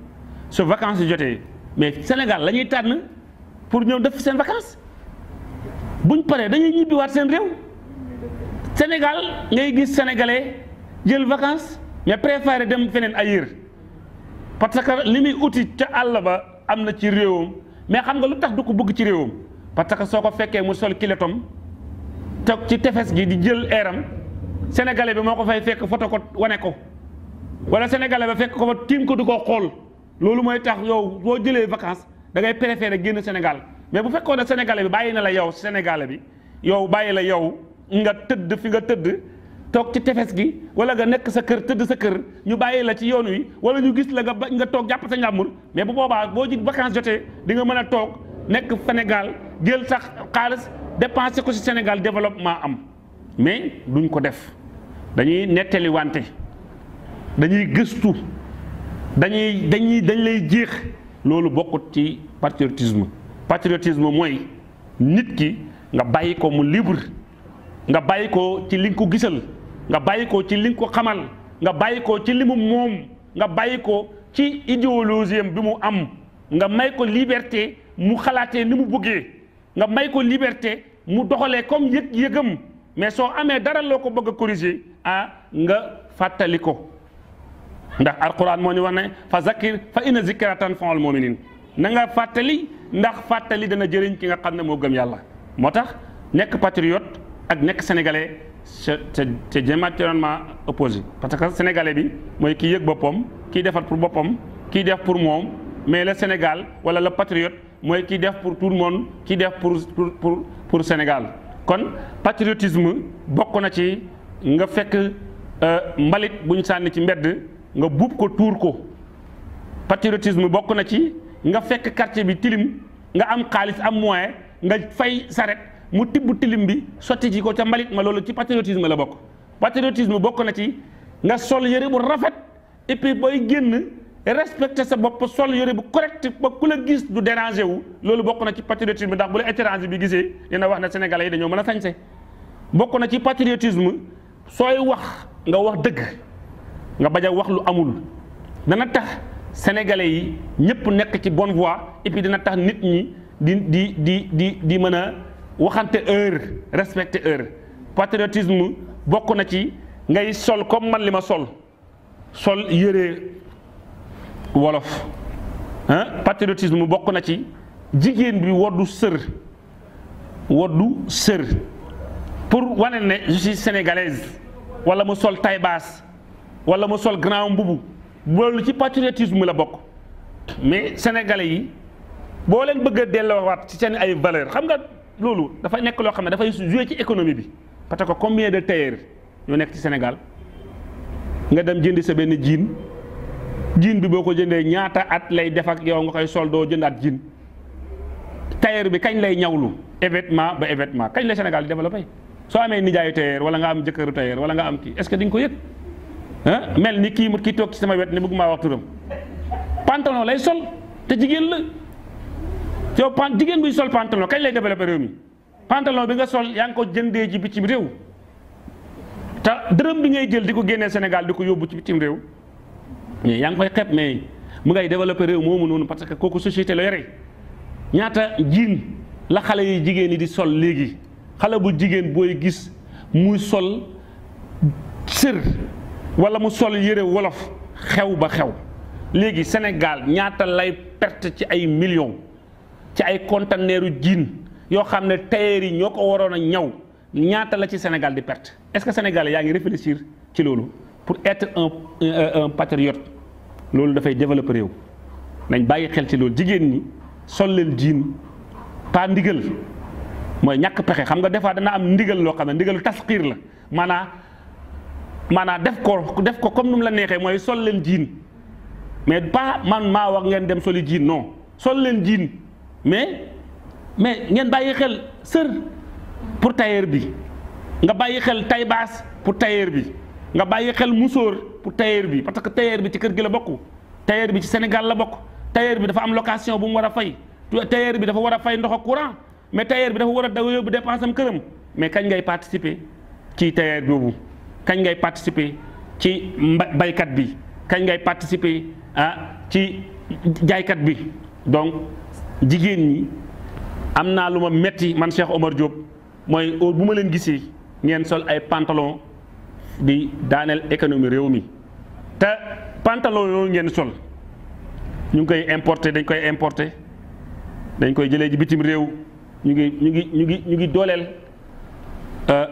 su vacances yi jotee mais Sénégal lañuy tànn pour ñëw def seen vacances buñ paree dañuy ñibbiwaat seen réew Sénégal ngay gis sénégalais jël vacances mais préféré dem feneen ailleurs parce que li muy uti ca àll ba am na ci réewam mais xam nga lu tax du ko bugg ci réewam parce que soo ko fekkee mu sol kilotom toog ci tefes gi di jël eeram sénégalais bi moo ko fay fekk foto ko wane ko wala sénégalais ba fekk ko fa tiim ko du ko xool loolu mooy tax yow boo jëlee vacances da ngay préféré génn Sénégal mais bu fekkoon ne sénégalais bi bàyyi na la yow sénégalais bi yow bàyyi la yow nga tëdd fi nga tëdd toog ci tefes gi wala nga nekk sa kër tëdd sa kër ñu bàyyi la ci yoon yi wala ñu gis la nga ba nga toog jàpp sa njàmbur mais bu boobaa boo ji vacances jotee di nga mën a toog nekk Sénégal jël sax xaalis dépensé ko si Sénégal développement am. mais duñ ko def dañuy nettali wante dañuy gëstu dañuy dañuy dañ lay jeex loolu bokkut ci patriotisme patriotisme mooy nit ki nga bàyyi ko mu libre nga bàyyi ko ci li ko gisal nga bàyyi ko ci li ko xamal nga bàyyi ko ci li mu moom nga bàyyi ko ci idéologie bi mu am nga may ko liberté mu xalaatee ni mu bëggee nga may ko liberté mu doxalee comme yëg-yëgam mais soo amee dara loo ko bëgg a ah nga fàttali ko ndax alquran moo ñu wax ne fa zakir fa inna zikra tanfa'ul mu'minin na nanga fàttali ndax fàttali dana jëriñ ki nga xam ne moo gëm yàlla moo tax nekk patriote ak nekk sénégalais c'est c'est diamétralement opposé parce que sénégalais bi mooy kii yëg boppam kii defar pour boppam kii def pour moom mais le Sénégal wala la patriote mooy kii def pour tout le kii def pour pour pour pour Sénégal kon patriotisme bokk na ci nga fekk euh, mbalit bu sànni ci mbedd nga buub ko tuur ko patriotisme bokk na ci nga fekk quartier bi tilim nga am xaalis am moyen nga fay saret mu tibb tilim bi sotti ci ko ca mbalit ma loolu ci patriotisme la bokk patriotisme bokk na ci nga sol yëre bu rafet et booy génn respecté sa bopp sol yëre bu correct ba ku la gis du dérangé wu loolu bokk na ci patriotisme ndax bu la étranger bi gisee dina wax ne sénégalais yi dañoo mën a sañse bokk na ci patriotisme sooy wax nga wax dëgg nga bañ a wax lu amul dana tax sénégalais yi ñëpp nekk ci bon voie et puis tax nit ñi di di di di di mën a waxante heure respecté heure patriotisme bokk na ci ngay sol comme man li ma sol sol yëre wolof patriotisme bokk na ci jigéen bi woddu sër woddu sër pour wane ne je suis sénégalaise wala ma sol taille basse wala ma sol grand mbubu loolu ci patriotisme la bokk mais sénégalais yi boo leen bëgg a delloowaat ci seen ay valeur xam nga loolu dafa nekk loo xam ne dafay joué ci économie bi parce que combien de tailleurs ñoo nekk ci Sénégal nga dem jëndi sa benn jiin jiin bi boo ko jëndee ñaata at lay defak ak yow nga koy sol doo jëndaat jiin tailleur bi kañ lay ñawlu événement ba événement kañ la Sénégal di développé soo amee nijaayu tailleur wala nga am jëkkëru tailleur wala nga am ki est-ce que di ko yëg ah mel ni kii mu ki toog ci sama wet ne bëgg maa wax turam pantalon lay sol te jigéen la yow pan jigéen buy sol pantalon kañ lay développé réew mi pantalon bi nga sol yaa ngi ko jëndee ji bitim réew te dërëm bi ngay jël di ko génnee Sénégal di ko yóbbu ci bitim réew. mais yaa ngi koy xeeb mais mu ngay développé réew moomu noonu parce que kooku société la yore ñaata jiin la xale yi jigéen yi di sol léegi xale bu jigéen booy gis muy sol sër wala mu sol yére wolof xew ba xew léegi Sénégal ñaata lay perte ci ay millions ci ay conteneuru jiin yoo xam ne tailleur ñoo ko waroon a ñaw ñaata la ci Sénégal di perte est-ce que Sénégal yaa ngi réfléchir ci loolu. pour être un euh, un patriote loolu dafay développer réew bàyyi xel ci loolu jigéen ñi sol leen jiin pas ndigal mooy ñàkk pexe xam nga des fois dana am ndigal loo xam ne ndigalu tasxiir la manaa maanaa def ko def ko comme nu mu la neexee mooy sol leen jiin mais pas man maa wax ngeen dem soli jiin non sol leen jiin mais mais ngeen bàyyi xel sër pour tailleur bi nga bàyyi xel taille pour tailleur bi. nga bàyyi xel musóor pour tailleur bi parce que tailleur bi ci kër gi la bokk tailleur bi ci Sénégal la bokk tailleur bi dafa am location bu mu war a fay tailleur bi dafa war a fay ndox a courant mais tailleur bi dafa war a daw yóbbu dépense am këram mais kañ ngay participer ci tailleur boobu kañ ngay participer ci baykat bi kañ ngay participer ah ci jaaykat bi donc jigéen ñi am naa lu ma metti man Cheikh Omar Diop mooy bu ma leen gisee ngeen sol ay pantalon bi daaneel économie réew mi te pantalon yooyu ngeen sol ñu ngi koy importer dañ koy importer dañ koy jëlee ji bitim réew ñu ngi ñu ngi ñu ngi ñu ngi dooleel euh,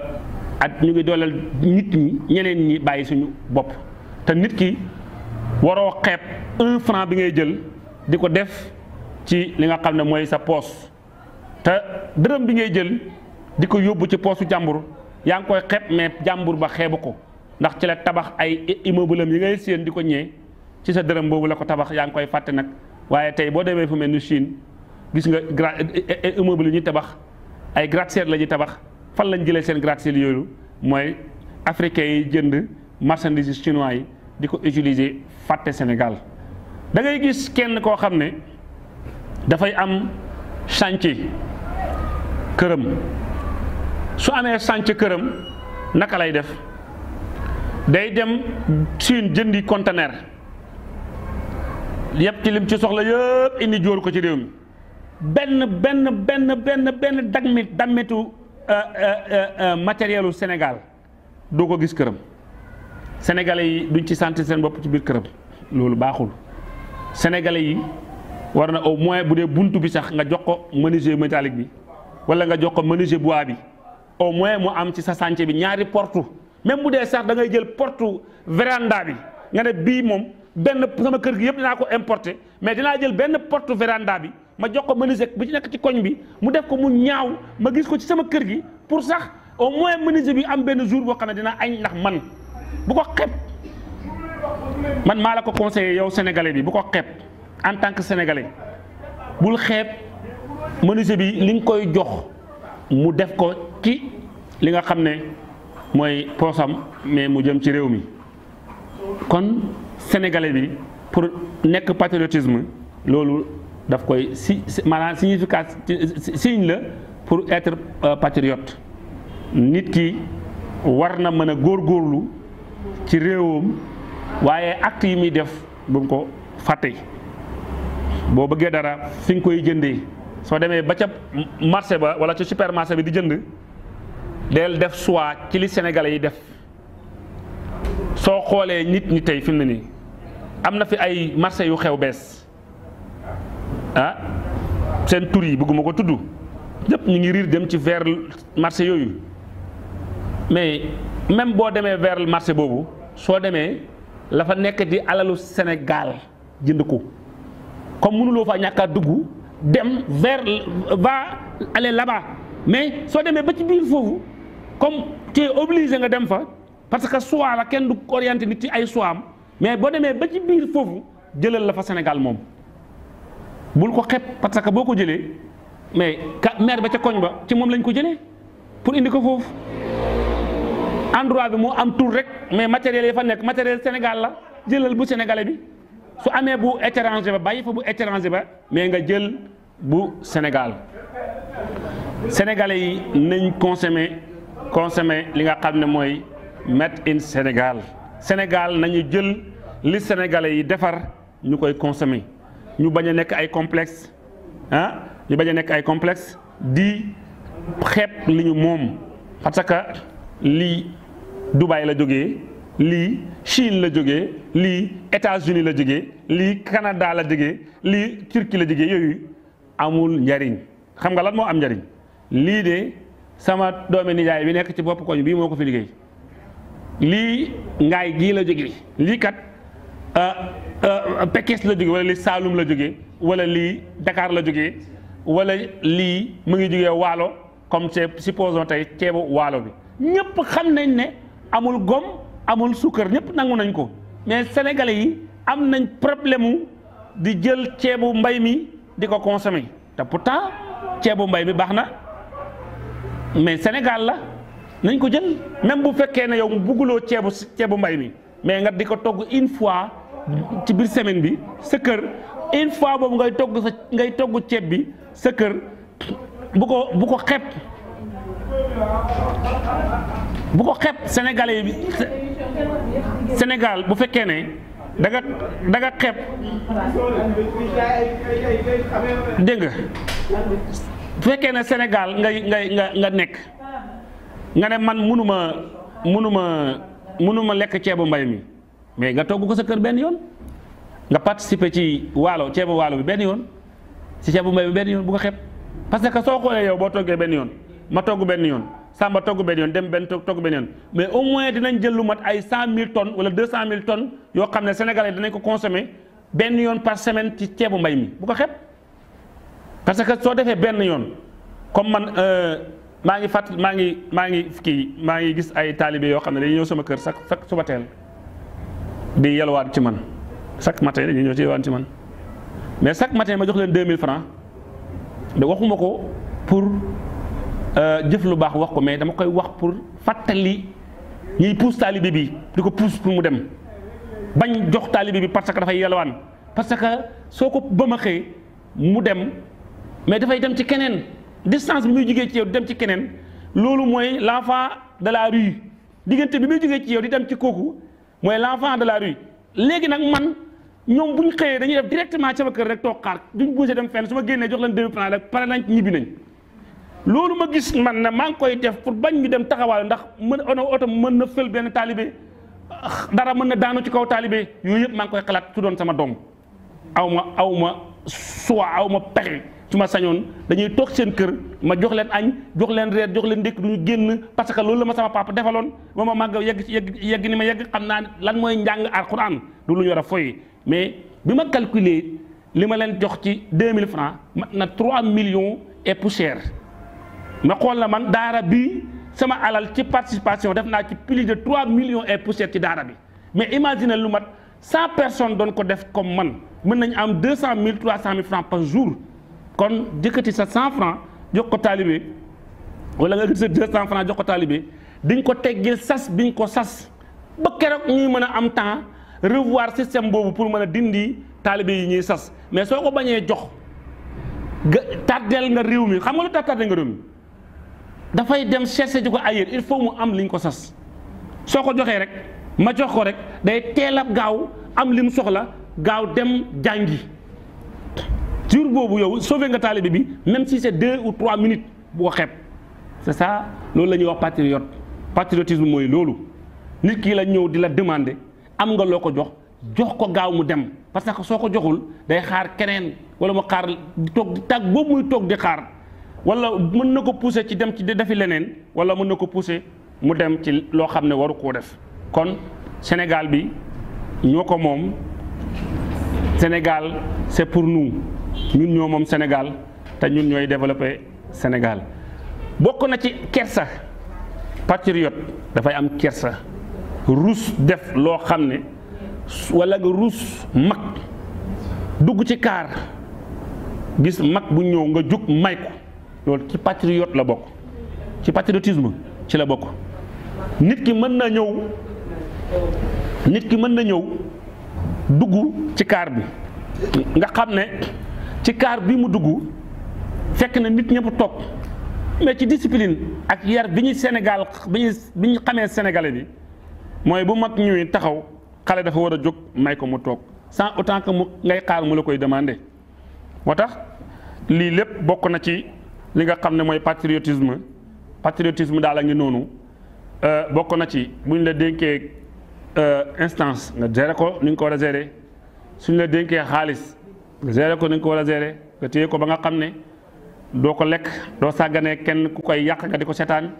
at ñu ngi dooleel nit ñi ñeneen ñi bàyyi suñu bopp te nit ki waroo xeeb un franc bi ngay jël di ko def ci li nga xam ne mooy sa poos te dërëm bi ngay jël di ko yóbbu ci poosu jàmbur yaa ngi koy xeeb mais jàmbur ba xeebu ko ndax ci la tabax ay immeuble am yi ngay seen di ko ñee ci sa dërëm boobu la ko tabax yaa ngi koy fàtte nag waaye tey boo demee fu mel ni Chine gis nga gra e, e, immeuble yi ñuy tabax ay gratte-ciel la ñuy tabax fan lañ jëlee seen gratte-ciel yooyu mooy africains yi jënd marchandises chinois yi di ko utiliser fàtte Sénégal da ngay gis kenn koo xam ne dafay am chantier këram su amee sànc këram naka lay def day dem Chine jëndi conteneur yépp ci lim ci soxla yëpp indi jóor ko ci réew mi benn benn benn benn benn dagmit dammitu euh, euh, euh, matérielu senegal doo ko gis këram senegale yi duñ ci sentir seen bopp ci biir këram loolu baaxul sénégalais yi war na au moins bu dee buntu bi sax nga jox ko menuisier métallique bi wala nga jox ko menuisier bois bi au moins mu am ci sa sànce bi ñaari portu même bu dee sax da ngay jël portu véranda bi nga ne bii moom benn sama kër gi yëpp dinaa ko importer mais dinaa jël benn portu véranda bi ma jox ko menuisier bi ci nekk ci koñ bi mu def ko mu ñaaw ma gis ko ci sama kër gi pour sax au moins menuisier bi am benn jour boo xam ne dina añ ndax man bu ko xeeb man maa la ko conseillé yow sénégalais bi bu ko xeeb en tant que sénégalais bul xeeb menuisier bi li nga koy jox mu def ko. ki li nga xam ne mooy poosam mais mu jëm ci réew mi kon sénégalais bi pour nekk patriotisme loolu daf koy si maanaam significat signe la pour être euh, patriote nit ki war na mën a góorlu ci réewam waaye acte yi muy def bu mu ko fàtte boo bëggee dara fi nga koy jëndee soo demee ba ca marché ba wala ca supermarché bi di jënd del def choix ci li Sénégalais yi def soo xoolee nit ñi tey fi ne nii am na fi ay marché yu xew bees ah seen tur yi bëgguma ko tudd ñëpp ñu ngi riir dem ci vers marché yooyu mais même boo demee vers marché boobu soo demee la fa nekk di alalu Sénégal jënd ko comme mënuloo fa ñàkk dugg dem vers va aller là mais soo demee ba ci biir foofu. comme t'es obliser nga dem fa parce que choix la kenn du orienté nit ci ay choix am mais boo demee ba ci biir foofu jëlal la fa Sénégal moom bul ko xeeb parce que boo ko jëlee mais ka maire ba ca koñ ba ci moom lañ ko jëlee pour indi ko foofu endroit bi moo am tur rek mais matériel yi fa nekk matériel Sénégal la jëlal bu sénégalais bi su amee bu étranger ba bàyyi fa bu étranger ba mais nga jël bu Sénégal sénégalais yi nañ consommer consommer li nga xam ne mooy made in Sénégal Sénégal nañu jël li sénégalais yi defar ñu koy consommer ñu bañ a nekk ay complexe ah ñu bañ a nekk ay complexe di xeeb li ñu moom parce que lii Dubaï la jógee lii Chine la jóge lii États-Unis la jógee lii Canada la jóge lii Turquie la jógee yooyu amul njariñ xam nga lan moo am njariñ lii de. sama doome nijaay bi nekk ci bopp koñ bii moo ko fi liggéey lii ngaay gii la jóge lii kat euh, euh, Pekes la jóge wala lii Saalum la jóge wala lii dakaar la jóge walla lii mu ngi jóge waalo comme c'est supposons tey ceebu waalo bi ñëpp xam nañ ne amul gom amul suukar ñëpp nangu nañ ko mais sénégalais yi am nañ problème di jël ceebu mbay mi di ko consommer te pourtant ceebu mbay mi baax na mais Sénégal la nañ ko jël même bu fekkee ne yow bugguloo ceebu ceebu mbay mi mais nga di ko togg une fois ci biir semaine bi sa kër une fois boobu ngay togg sa ngay togg ceeb bi sa kër bu ko bu ko xeeb bu ko xepp sénégalais bi Sénégal bu fekkee ne da nga da nga xeeb dégg nga bu fekkee ne Sénégal ngay ngay nga nga nekk nga ne man munuma munuma munuma lekk ceebu mbay mi mais nga togg ko sa kër benn yoon nga participer ci waalo ceebu waalo bi benn yoon si ceebu mbay bi benn yoon bu ko xeeb parce que soo xoolee yow boo toggee benn yoon ma togg benn yoon Samba togg benn yoon dem benn togg benn yoon mais au moins dinañ jël lu mat ay cent mille tonnes wala deux cent mille ton yoo xam ne sénégalais dinañ ko consommer benn yoon par semaine ci ceebu mbay mi bu ko xeeb. parce que soo defee benn yoon comme man euh, maa ngi fàtt maa ngi maa ngi kii maa ngi gis ay taalibe yoo xam ne dañuy ñëw sama kër chaque chaque suba teel di yalwaan ci man chaque matin dañuy ñëw ci yalwaan ci man mais chaque matin ma jox leen 2000 francs da waxuma ko pour euh, jëf lu baax wax ko mais dama koy wax pour fàttali ñuy pousse taalibe bi di ko pousse pour mu dem bañ jox taalibe bi parce que dafay yalwaan parce que soo ko bëmaxee mu dem. mais dafay dem ci keneen distance bi muy jugee ci yow di dem ci keneen loolu mooy l'enfant de la rue diggante bi muy jugee ci yow di dem ci kooku mooy l'enfant de la rue léegi nag man ñoom bu xëyee dañuy def directement sama kër rek toog xaar duñ bougé dem fenn su ma génnee jox leen deux plan rek pare nañ ñibbi nañ loolu ma gis man na maa ngi koy def pour bañ ñu dem taxawaayu ndax mën oto mën na fël benn taalibe dara mën na daanu ci kaw taalibe yooyu yëpp maa ngi koy xalaat su doon sama doom aw ma aw ma suwa aw ma pexe su ma sañoon dañuy toog seen kër ma jox leen añ jox leen reer jox leen ndékk duñu génn parce que loolu la ma sama papa defaloon ba ma màgg yegg yegg yegg ni ma yegg xam naa lan mooy njàng alxuraan du lu ñu war a foy mais bi ma calculer li ma leen jox ci mille francs mat na 3 millions et poussière ma xool na man daara bi sama alal ci participation def naa ci plus de 3 millions et poussière ci daara bi mais imagine lu mat 100 personnes doon ko def comme man mën nañu am cent 300000 francs par jour. kon jëkkati sa 100 francs jox ko taalibe walla nga jëkkati sa 200 francs jox ko taalibe diñ ko teggil sas biñ ko sas ba keroog ñuy mën a am temps revoir système boobu pour mën a dindi taalibe yi ñuy sas mais soo ko bañee jox ga tàddeel nga réew mi xam nga lu tax tàddeel nga réew mi dafay dem chercher ji ko ailleurs il faut mu am liñ ko sas soo ko joxee rek ma jox ko rek day teel a gaaw am li mu soxla gaaw dem jàngi jur boobu yow sauvé nga taalibe bi même si c'est deux ou trois minutes bu ko xep c'est ça loolu la ñuy wax patriote patriotisme mooy loolu nit kii la ñëw di la demander am nga loo ko jox jox ko gaaw mu dem parce que soo ko joxul day xaar keneen wala mu xaar di toog di boobu muy toog di xaar wala mën na ko pousser ci dem ci defi leneen wala mën na ko pousser mu dem ci loo xam ne waru koo def kon Sénégal bi ñoo ko moom Sénégal c'est pour nous ñun ñoo moom Sénégal te ñun ñooy développé Sénégal bokk na ci kersa patriote dafay am kersa ruus def loo xam ne wala nga ruus mag dugg ci kaar gis mag bu ñëw nga jóg may ko loolu ci patriote la bokk ci patriotisme ci la bokk nit ki mën na ñëw nit ki mën na ñëw dugg ci kaar bi nga xam ne ci kaar bi mu dugg fekk na nit ñëpp toog mais ci discipline ak yar bi ñu Sénégal bi ñu xamee sénégalais bi mooy bu mag ñuy taxaw xale dafa war a jóg may ko mu toog sans autant que mu ngay xaar mu la koy demandé. moo tax lii lépp bokk na ci li nga xam ne mooy patriotisme patriotisme daal a ngi noonu euh, bokk na ci bu ñu la dénkee euh, instance nga gérer ko ni nga ko war a gérer suñ la dénkee xaalis. gérer ko ni ko war a gérer nga téye ko ba nga xam ne doo ko lekk doo sàgganee kenn ku koy yàq nga di ko seetaan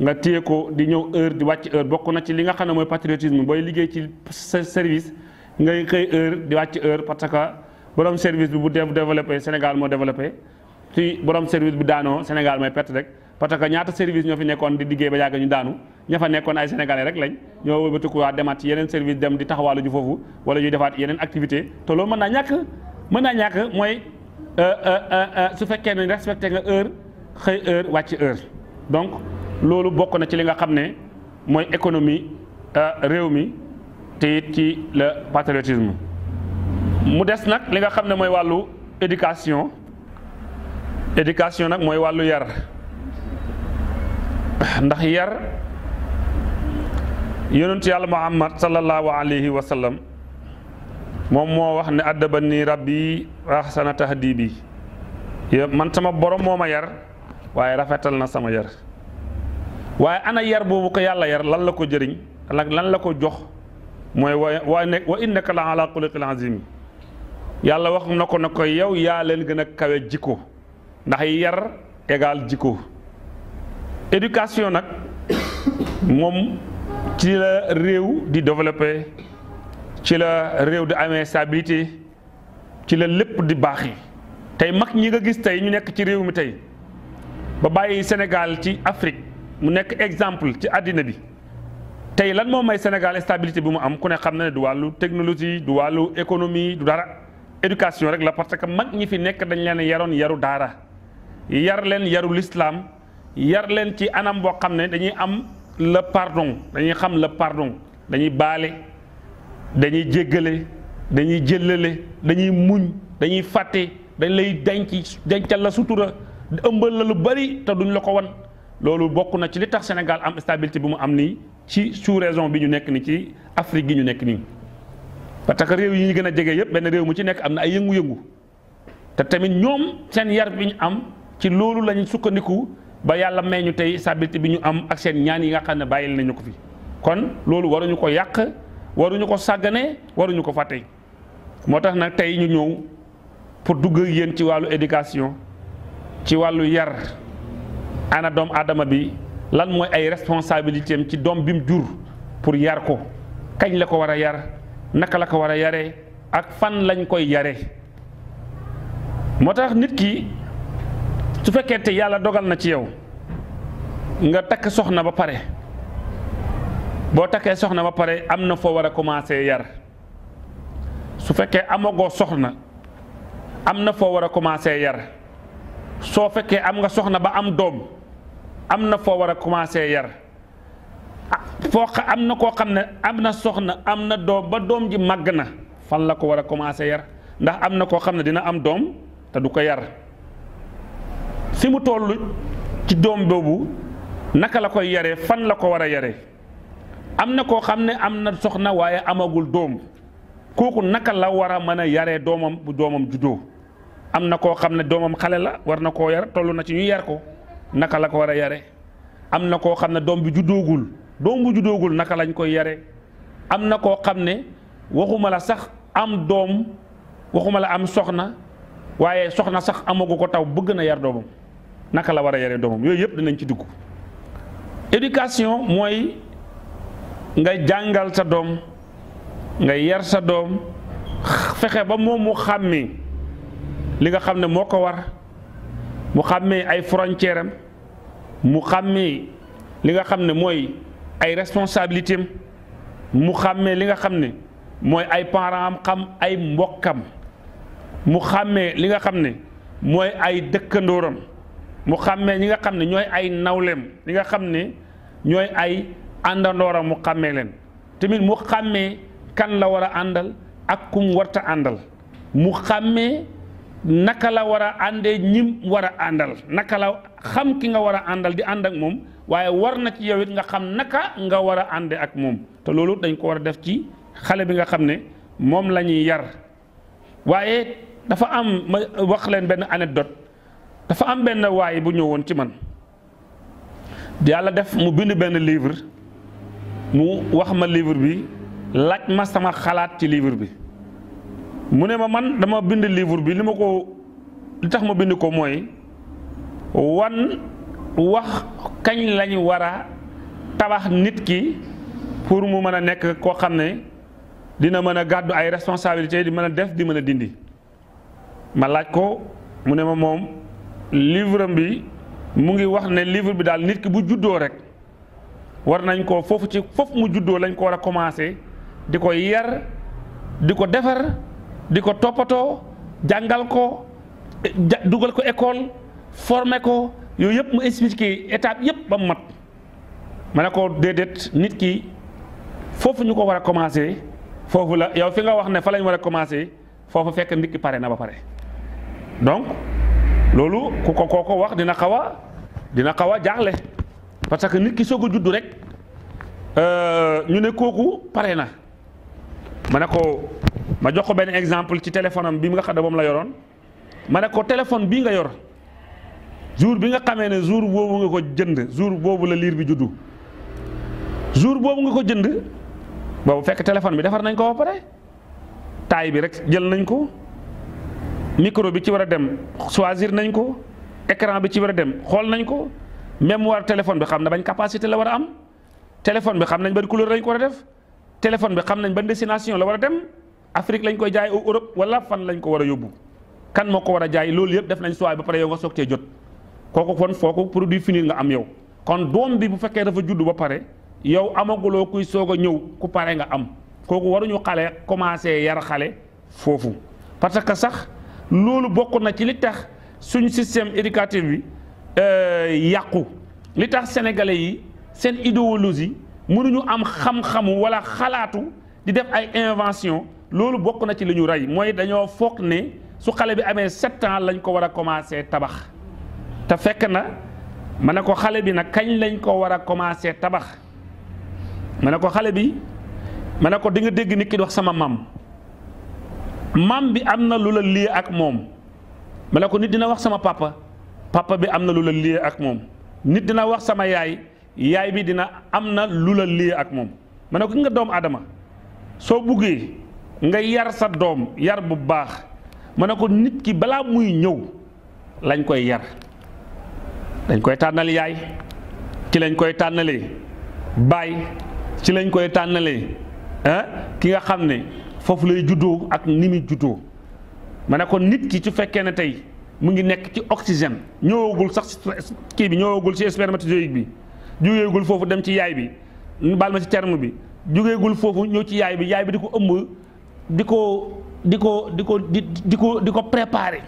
nga téye ko di ñëw heure di wàcc heure bokk na ci li nga xam ne mooy patriotisme booy liggéey ci service ngay xëy heure di wàcc heure parce que borom service bi bu développé Sénégal moo développé ci borom service bu daanoo Sénégal mooy perte rek parce que ñaata service ñoo fi nekkoon di liggéey ba yàgg ñu daanu ña fa nekkoon ay sénégalais rek lañ ñoo wëlbatiku waa ci yeneen service dem di taxawaalu ju foofu wala ñuy defaat yeneen activité te loolu mën mën naa ñàkk mooy euh, euh, euh, su fekkee ne respecté nga heure xëy heure wàcc heure donc loolu bokk na ci li nga xam ne mooy économie réew mi te it ci le patriotisme mu des nag li nga xam ne mooy wàllu éducation éducation nag mooy wàllu yar ndax yar yonentu yàlla muhammad sallallahu alayhi wa sallam moom moo wax ne addaba nii rabbi ahsana tahdibi man sama borom moo ma yar waaye rafetal na sama yar waaye ana yar boobu ko yàlla yar lan la ko jëriñ lan la ko jox mooy wa wa ne wa innaka la ala xuliqil azim yàlla wax na ko na ko yow yaa leen gën a kawe jikko ndax yar égal jikko éducation nag moom ci la réew di développé ci la réew di amee stabilité ci la lépp di baax yi tey mag ñi nga gis tey ñu nekk ci réew mi tey ba bàyyi Sénégal ci Afrique mu nekk exemple ci àddina bi tey lan moo may Sénégal stabilité bi mu am ku ne xam na ne du wàllu technologie du wàllu économie du dara éducation rek la parce que mag ñi fi nekk dañ leen yaroon yaru daara yar leen yaru lislaam yar leen ci anam boo xam ne dañuy am le pardon dañuy xam le pardon dañuy baale dañuy jéggale dañuy jëllale dañuy muñ dañuy fàtte dañ lay denc dencal la sutura ëmbal la lu bari te duñu la ko wan loolu bokk na ci li tax senegal am stabilité bi mu am nii ci sous-région bi ñu nekk nii ci Afrique gi ñu nekk nii. parce que réew yi ñu gën a jege yëpp benn réew mu ci nekk am na ay yëngu-yëngu te tamit ñoom seen yar bi ñu am ci loolu la sukkandiku ba yàlla may ñu tey stabilité bi ñu am ak seen ñaan yi nga xam ne bàyyil nañu ko fi kon loolu waruñu ko yàq. waruñu ko sàggane waruñu ko fàtte moo tax nag tey ñu ñëw pour dugg ak yéen ci wàllu éducation ci wàllu yar ana doom aadama bi lan mooy ay responsabilité am ci doom bi mu jur pour yar ko kañ la ko war a yar naka la ko war a yaree ak fan lañ koy yaree moo tax nit ki su fekkee te yàlla dogal na ci yow nga takk soxna ba pare. boo takkee soxna ba pare am na foo war a commencé yar su fekkee amagoo soxna am na foo war a commencé yar soo fekkee am nga soxna ba am doom am na foo war a commencé yar ah, foo am na koo xam ne am na soxna am na doom ba doom ji màgg na fan la ko war a commencé yar ndax am na koo xam ne dina am doom te du ko yar si mu toll ci doom boobu naka la koy yaree fan la ko war a yaree am na koo xam ne am na soxna waaye amagul doom kooku naka la war a mën a yare doomam bu doomam juddoo am na koo xam ne doomam xale la war na koo yar toll na ci ñu yar ko naka la ko war a yare am na koo xam ne doom bi juddoogul doom juddoogul naka lañ koy yare am na koo xam ne waxuma la sax am doom waxuma la am soxna waaye soxna sax amagu ko taw bëgg na yar doomam naka la war a yare doomam yooyu yëpp dinañ ci dugg éducation mooy nga jàngal sa doom nga yar sa doom fexe ba moom mu xàmmee li nga xam ne moo ko war mu xàmmee ay frontière mu xàmmee li nga xam ne mooy ay responsabilité am mu xàmmee li nga xam ne mooy ay parents am xam ay mbokkam mu xàmmee li nga xam ne mooy ay dëkkandooram mu xàmmee ñi nga xam ne ñooy ay nawleem li nga xam ne ñooy ay àndandooram mu xàmmee leen tamit mu xàmmee kan la war a àndal ak kum warta àndal mu xàmmee naka la war a àndee ñim war a àndal naka la xam ki nga war a àndal di ànd ak moom waaye war na ci yow it nga xam naka nga war a àndee ak moom te loolu dañ ko war a def ci xale bi nga xam ne moom lañuy yar waaye dafa am wax leen benn anecdote dafa am benn waay bu ñëwoon ci man yàlla def mu bind benn livre mu wax ma livre bi laaj ma sama xalaat ci livre bi mu ne ma man dama bind livre bi li ma ko li tax ma bind ko mooy wan wax kañ lañ war a tabax nit ki pour mu mën a nekk koo xam ne dina mën a gàddu ay responsabilités di mën a def di mën a dindi ma laaj ko mu ne ma moom livre bi mu ngi wax ne livre bi daal nit ki bu juddoo rek war nañ koo foofu ci foofu mu juddoo lañ ko war a commencé di ko yar di ko defar di ko toppatoo jàngal ko dugal ko école former ko yooyu yëpp mu expliqué étape yëpp ba mu mat ma ne ko déedéet nit ki foofu ñu ko war a commencé foofu la yow fi nga wax ne fa lañ war a commencé foofu fekk nit ki pare na ba pare donc loolu ku ko kooko wax dina xaw a dina xaw a jaaxle parce que nit ki soog a juddu rek euh, ñu ne kooku pare na ma ne ko ma jox ko benn exemple ci téléphone am bi nga xam ne moom la yoroon ma ne ko téléphone bii nga yor jour bi nga xamee ne jour boobu nga ko jënd jour boobu la liir bi juddu jour boobu nga ko jënd boobu fekk téléphone bi defar nañ ko ba pare taay bi rek jël nañ ko micro bi ci war a dem choisir nañ ko écran bi ci war a dem xool nañ ko. mémoire téléphone bi xam na bañ capacité la war a am téléphone bi xam nañ ban couleur lañ ko war a def téléphone bi xam nañ ban destination la war a dem Afrique lañ koy jaay au Europe wala fan lañ ko war a yóbbu kan moo ko war a jaay loolu yëpp def nañ soo ba pare yow nga soog jot kooku kon fooku produit fini nga am yow. kon doom bi bu fekkee dafa judd ba pare yow amaguloo kuy soog a ñëw ku pare nga am kooku waruñu xale commencé yar xale foofu parce que sax loolu bokk na ci li tax suñu système éducatif bi. Euh, yàqu li tax sénégalais yi seen idéologie mënuñu am xam-xamu wala xalaatu di def ay invention loolu bokk na ci li ñu rey mooy dañoo foog ne su xale bi amee sept lañ ko war a commencé tabax te fekk na ma ne ko xale bi nag kañ lañ ko war a commencé tabax ma ne ko xale bi ma ne ko di nga dégg nit ki wax sama maam maam bi am na lu la lii ak moom ma ne ko nit dina wax sama papa papa bi am na lu la liyee ak moom nit dina wax sama yaay yaay bi dina am na lu la liyee ak moom ma ne ko nga doom Adama soo buggee nga yar sa doom yar bu baax ma ne ko nit ki balaa muy ñëw lañ koy yar dañ koy tànnal yaay ci lañ koy tànnalee baay ci lañ koy tànnalee ah, ki nga xam ne foofu lay juddoo ak ni muy juddoo ma ne ko nit ki ci fekkee ne tey mu ngi nekk ci oxygène ñëwagul sax ci kii bi ñëwagul ci spermatozoïde bi jógeegul foofu dem ci yaay bi baal ma ci terme bi jógeegul foofu ñëw ci yaay bi yaay bi di ko ëmb di ko di ko di ko di ko di ko préparé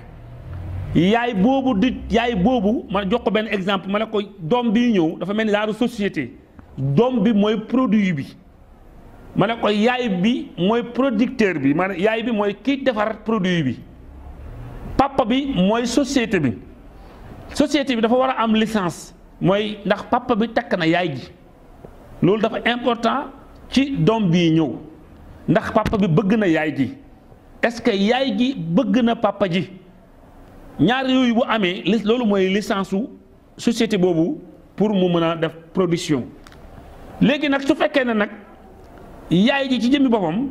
yaay boobu di yaay boobu ma jox ko benn exemple ma ne ko doom bi ñëw dafa mel ni daaru société doom bi mooy produit bi ma ne ko yaay bi mooy producteur bi ma ne yaay bi mooy kiy defar produit bi papa bi mooy société bi société bi dafa war a am licence mooy ndax papa bi takk na yaay ji loolu dafa important ci doom bii ñëw ndax papa bi bëgg na yaay ji est-ce que yaay ji bëgg na papa ji ñaar yooyu bu amee li loolu mooy licence su société boobu pour mu mën a def production léegi nag su fekkee ne nag yaay ji ci jëmmi boppam.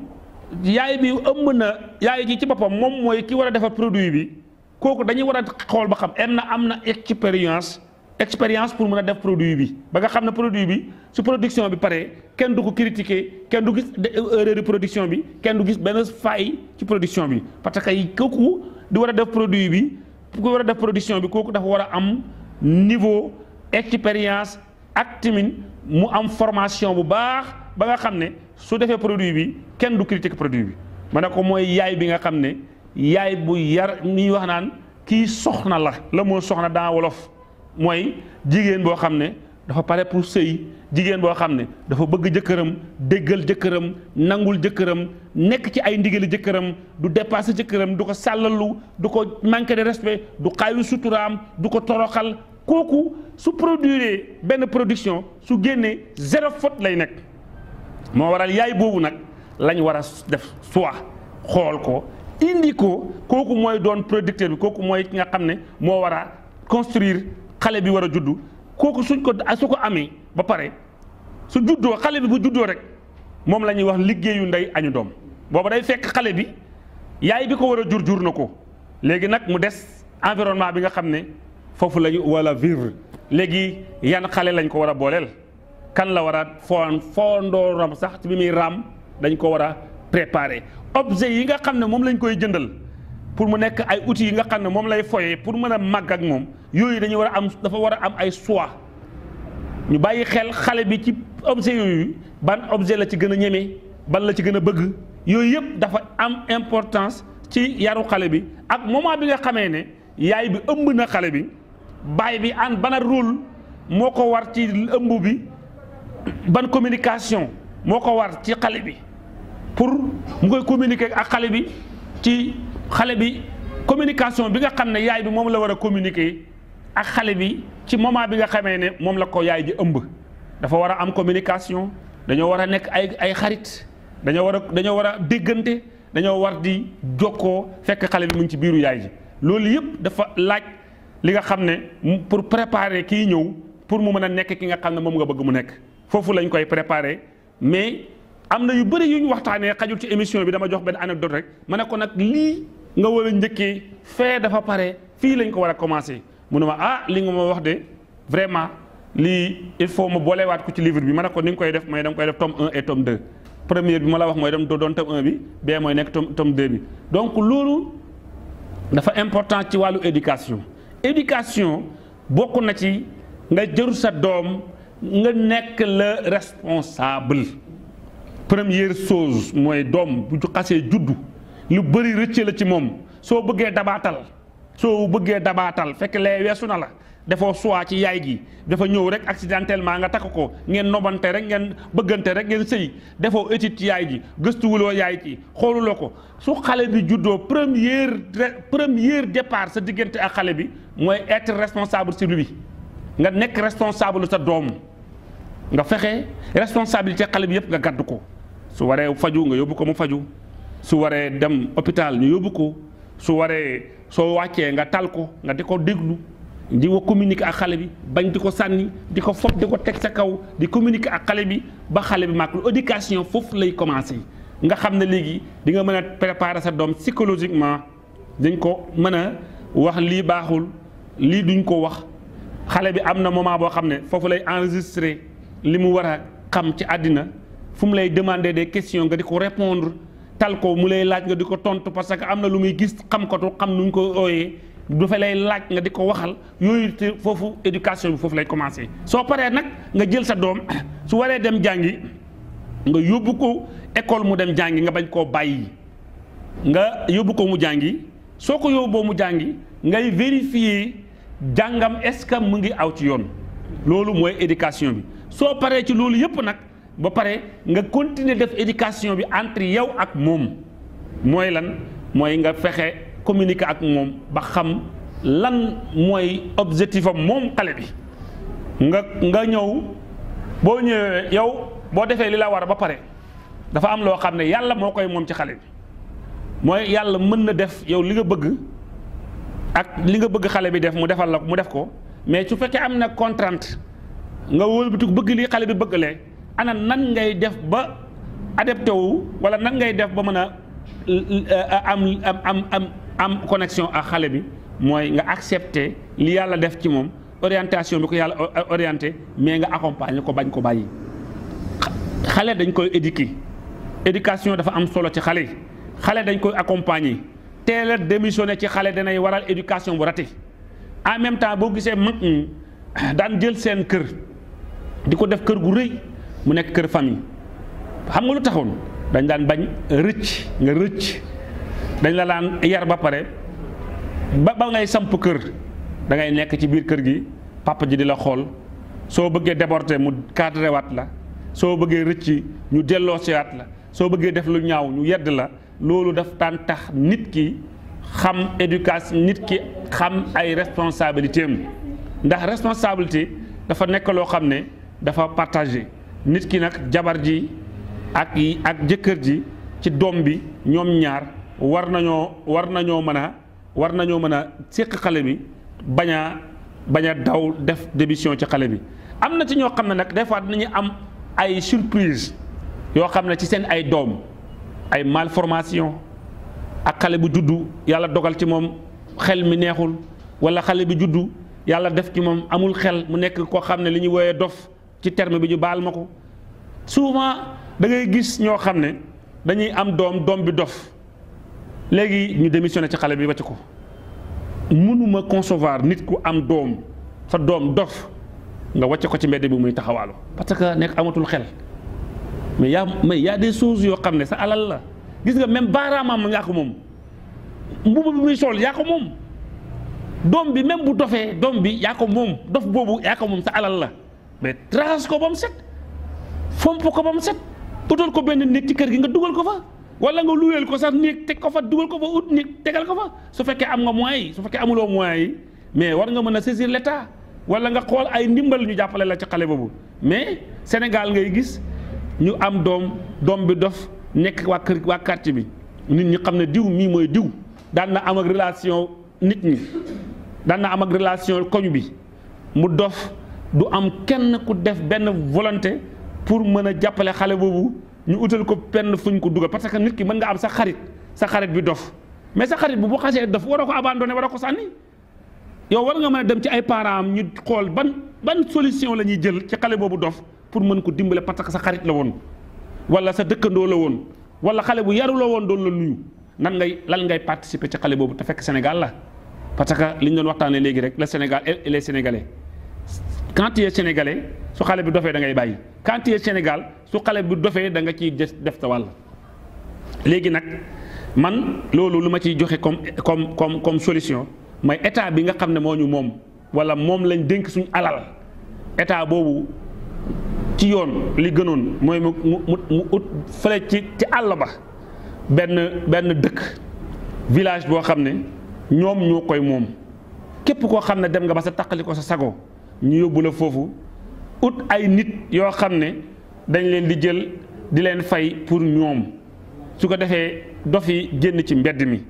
yaay bi ëmb na yaay ji ci boppam moom mooy kii war a defar produit bi kooku dañuy war a xool ba xam en na am na expérience expérience pour mën a def produit bi ba nga xam ne produit bi su production bi paree kenn du ko critiquer kenn du gis euh, erreur production bi kenn du gis benn faille ci production bi parce que kooku di war a def produit bi ku war a def production bi kooku dafa war a am niveau expérience ak tamit mu am formation bu baax. ba nga xam ne su defee produit bi kenn du critique produit bi ma ne ko mooy yaay bi nga xam ne yaay bu yar ñuy wax naan kii soxna la la moo soxna dans wolof mooy jigéen boo xam ne dafa pare pour sëy jigéen boo xam ne dafa bëgg jëkkëram déggal jëkkëram nangul jëkkëram nekk ci ay ndigali jëkkëram du dépassé jëkkëram du ko sàllalu du ko manqué de respect du xaayu suturaam du ko toroxal kooku su produire benn production su génnee zéro faute lay nekk moo waral yaay boobu nag lañ war a def soit xool ko indi ko kooku mooy doon producteur bi kooku mooy ki nga xam ne moo war a construire xale bi war a juddu kooku suñ ko su ko amee ba pare su juddoo xale bi bu juddoo rek moom la ñuy wax liggéeyu ndey añu doom booba day fekk xale bi yaay bi ko war a jur jur na ko léegi nag mu des environnement bi nga xam ne foofu la ñu wala vivre léegi yan xale lañ ko war a booleel. kan la war a foo foondooram sax ci bi muy raam dañ ko war a préparer objet yi nga xam ne moom lañ koy jëndal pour mu nekk ay outils yi nga xam ne moom lay foyee pour mën a màgg ak moom yooyu dañu war a am dafa war a am ay choix ñu bàyyi xel xale bi ci objet yooyu ban objet la ci gën a ñeme ban la ci gën a bëgg yooyu yëpp dafa am importance ci yaru xale bi ak moment bi nga xamee ne yaay bi ëmb na xale bi baay bi an bana rôle moo ko war ci ëmb bi ban communication moo ko war ci xale bi pour mu koy communiquer ak xale bi ci xale bi communication bi nga xam ne yaay bi moom la war a communiquer ak xale bi ci moment bi nga xamee ne moom la ko yaay ji ëmb dafa war a am communication dañoo war a nekk ay ay xarit dañoo war a dañoo war a déggante dañoo war di jokkoo fekk xale bi mu ngi ci biiru yaay ji loolu yëpp dafa laaj li nga xam ne pour préparer kii ñëw pour mu mën a nekk ki nga xam ne moom nga bëgg mu nekk foofu lañ koy préparé mais am na yu bëri yu ñu waxtaanee xajul ci émission bi dama jox benn anecdote rek ma ne ko nag lii nga war a njëkkee fee dafa pare fii lañ ko war a commencé mu ne ma ah li nga ma wax de vraiment lii il faut ma boolewaat ko ci livre bi ma ne ko ni nga koy def mooy da koy def tom 1 et tome 2 première bi ma la wax mooy dem doo doon tome 1 bi bee mooy nekk tome tome de bi donc loolu dafa important ci wàllu éducation éducation bokk na ci nga jëru sa doom. nga nekk le responsable première chose mooy doom bu xasee juddu lu bëri rëcce la ci moom soo bëggee dabaatal soo bëggee dabaatal fekk lee weesu na la defoo suwaa ci yaay gi dafa ñëw rek accidentellement nga takk ko ngeen nobante rek ngeen bëggante rek ngeen sëy defoo étude ci yaay gi gëstuwuloo yaay ji xooluloo ko su xale bi juddoo première première départ sa diggante ak xale bi mooy être responsable sur lui nga nekk responsable sa doom nga fexe sa xale bi yëpp nga gàddu ko su waree faju nga yóbbu ko mu faju su waree dem hôpital ñu yóbbu ko su waree soo wàccee nga tal ko nga di ko déglu di ko communiquer ak xale bi bañ di ko sànni di ko fob di ko teg sa kaw di communiquer ak xale bi ba xale bi màgg éducation foofu lay commencé nga xam ne léegi di nga mën a préparer sa doom psychologiquement dañ ko mën a wax lii baaxul lii duñ ko wax xale bi am na moment boo xam ne foofu lay enregistré li mu war a xam ci àddina fu mu lay demander des questions nga di ko répondre tal ko mu lay laaj nga di ko tontu parce que am na lu muy gis xam ko xam nu ñu ko ooyee dafa lay laaj nga di ko waxal yooyu te foofu éducation bi foofu lay commencé. soo paree nag nga jël sa doom su waree dem jàngi nga yóbbu ko école mu dem jàngi nga bañ koo bàyyi nga yóbbu ko mu jàngi soo ko yóbboo mu jàngi ngay vérifier. jàngam est-ce que mu ngi aw ci yoon loolu mooy éducation bi soo paree ci loolu yëpp nag ba pare nga continuer def éducation bi entre yow ak moom mooy lan mooy nga fexe communiquer ak moom ba xam lan mooy objectif am moom xale bi nga nga ñëw boo ñëwee yow boo defee li la war ba pare dafa am loo xam ne yàlla moo koy moom ci xale bi mooy yàlla mën na def yow li nga bëgg ak li nga bëgg xale bi def mu defal la mu def ko mais su fekkee am na contrainte nga wëlbatiku bëgg li xale bi bëgg bëggalee ana nan ngay def ba adapté wu wala nan ngay def ba mën a euh, am am am am connexion ak xale bi mooy nga accepté li yàlla def ci moom orientation bi ko yàlla euh, euh, orienté mais nga accompagner ko bañ ko bàyyi. xale dañ koy éduquer éducation dafa am solo ci xale yi xale dañ koy accompagner. teel a démissionné ci xale danay waral éducation bu raté en même temps boo gisee mag ñi daan jël seen kër di ko def kër gu rëy mu nekk kër famille xam nga lu taxoon dañ daan bañ rëcc nga rëcc dañ la daan yar ba pare ba ba ngay samp kër da ngay nekk ci biir kër gi papa ji di la xool soo bëggee déborder mu cadré waat la soo bëggee rëcc ñu delloo si la soo bëggee def lu ñaaw ñu yedd la loolu daf daan tax nit ki xam éducation nit ki xam ay responsabilité ndax responsabilité dafa nekk loo xam ne dafa partagé nit ki nag jabar ji ak ak jëkkër ji ci doom bi ñoom ñaar war nañoo war nañoo mën a war nañoo mën a séq xale bi bañ a bañ a daw def démission ci xale bi am na ci ñoo xam ne nag des fois dinañu am ay surprise yoo xam ne ci seen ay doom ay malformation ak xale bu juddu yàlla dogal ci moom xel mi neexul wala xale bi juddu yàlla def ci moom amul xel mu nekk koo xam ne li ñuy woowee dof ci terme bi ñu baal ma ko souvent da ngay gis ñoo xam ne dañuy am doom doom bi dof léegi ñu démissionné ci xale bi wàcc ko mënuma concevoir nit ku am doom sa doom dof nga wàcc ko ci mbedd bi muy taxawaalu parce que nekk amatul xel mais yaa mais y' a des choses yoo xam ne sa alal la gis nga même baaraamaam yaa ko moom mbubu bi muy sol yaa ko moom doom bi même bu dofee doom bi yaa ko moom dof boobu yaa ko moom sa alal la mais raxas ko ba mu set fomp ko ba mu set utal ko benn néeg ci kër gi nga dugal ko fa wala nga luweel ko sax néeg teg ko fa dugal ko fa ut néeg tegal ko fa su fekkee am nga moyens su fekkee amuloo moyens yi mais war nga mën a saisir l' état wala nga xool ay ndimbal ñu jàppale la ci xale boobu mais Sénégal ngay gis. ñu am doom doom bi dof nekk waa kër waa quartier bi nit ñi xam ne diw mii mooy diw daan na am ak relation nit ñi daan na am ak relation koñu bi mu dof du am kenn ku def benn volonté pour mën a jàppale xale boobu ñu utal ko penn fuñ ko dugal parce que nit ki mën nga am sa xarit sa xarit bi dof mais sa xarit bu bu xasee dof a ko war a ko sànni yow war nga mën a dem ci ay parents am ñu xool ban ban solution la ñuy jël ci xale boobu dof pour mën ko dimbale parce que sa xarit la woon wala sa dëkkandoo la woon wala xale bu yaru la woon doon la nuyu nan ngay lan ngay participer ci xale boobu te fekk Sénégal la parce que li ñu doon waxtaanee léegi rek le Sénégal et les Sénégalais quand tu su xale bi dofee dangay bàyyi quand Sénégal su xale bi dofee da nga ciy def sa wàll léegi nag man loolu lu ma ciy joxe comme comme comme comme solution mooy état bi nga xam ne moo ñu moom wala moom lañ dénk suñu alal boobu ci yoon li gënoon mooy mu mu mu ut fële ci ci àll ba benn benn dëkk village boo xam ne ñoom ñoo koy moom képp koo xam ne dem nga ba sa taqali ko sa sago ñu yóbbu la foofu ut ay nit yoo xam ne dañ leen di jël di leen fay pour ñoom su ko defee dof yi génn ci mbedd mi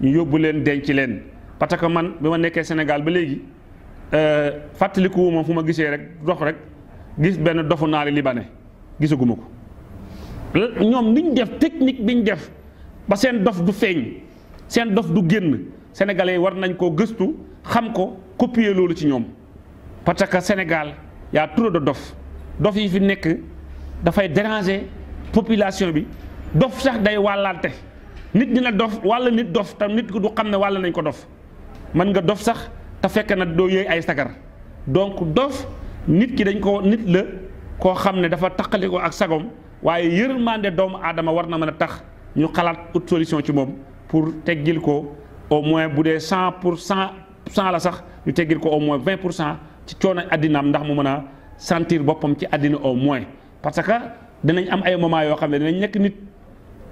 ñu yóbbu leen ci leen parce que man bi ma nekkee Sénégal ba léegi euh, fàttalikuwu moom fu ma gisee rek dox rek gis benn dofu naari libanais gisaguma ko ñoom niñ def technique biñ def ba seen dof du feeñ seen dof du génn sénégalais war nañ koo gëstu xam ko copier loolu ci ñoom parce que Sénégal y a de dof dof yi fi nekk dafay déranger population bi dof sax day wàllante nit ñi la dof walla nit dof te nit ku du xam ne wàll nañ ko dof mën nga dof sax te fekk na doo yëy ay sagar donc dof nit ki dañ ko nit la koo xam ne dafa taqali ko ak sagom waaye yërmande doomu aadama war na mën a tax ñu xalaat ut solution ci moom pour teggil ko au moins bu dee cent pour cent cent la sax ñu teggil ko au moins vingt pour cent ci coono addinaam ndax mu mën a sentir boppam ci àddina au moins parce que danañ am ay moment yoo xam ne danañ nekk nit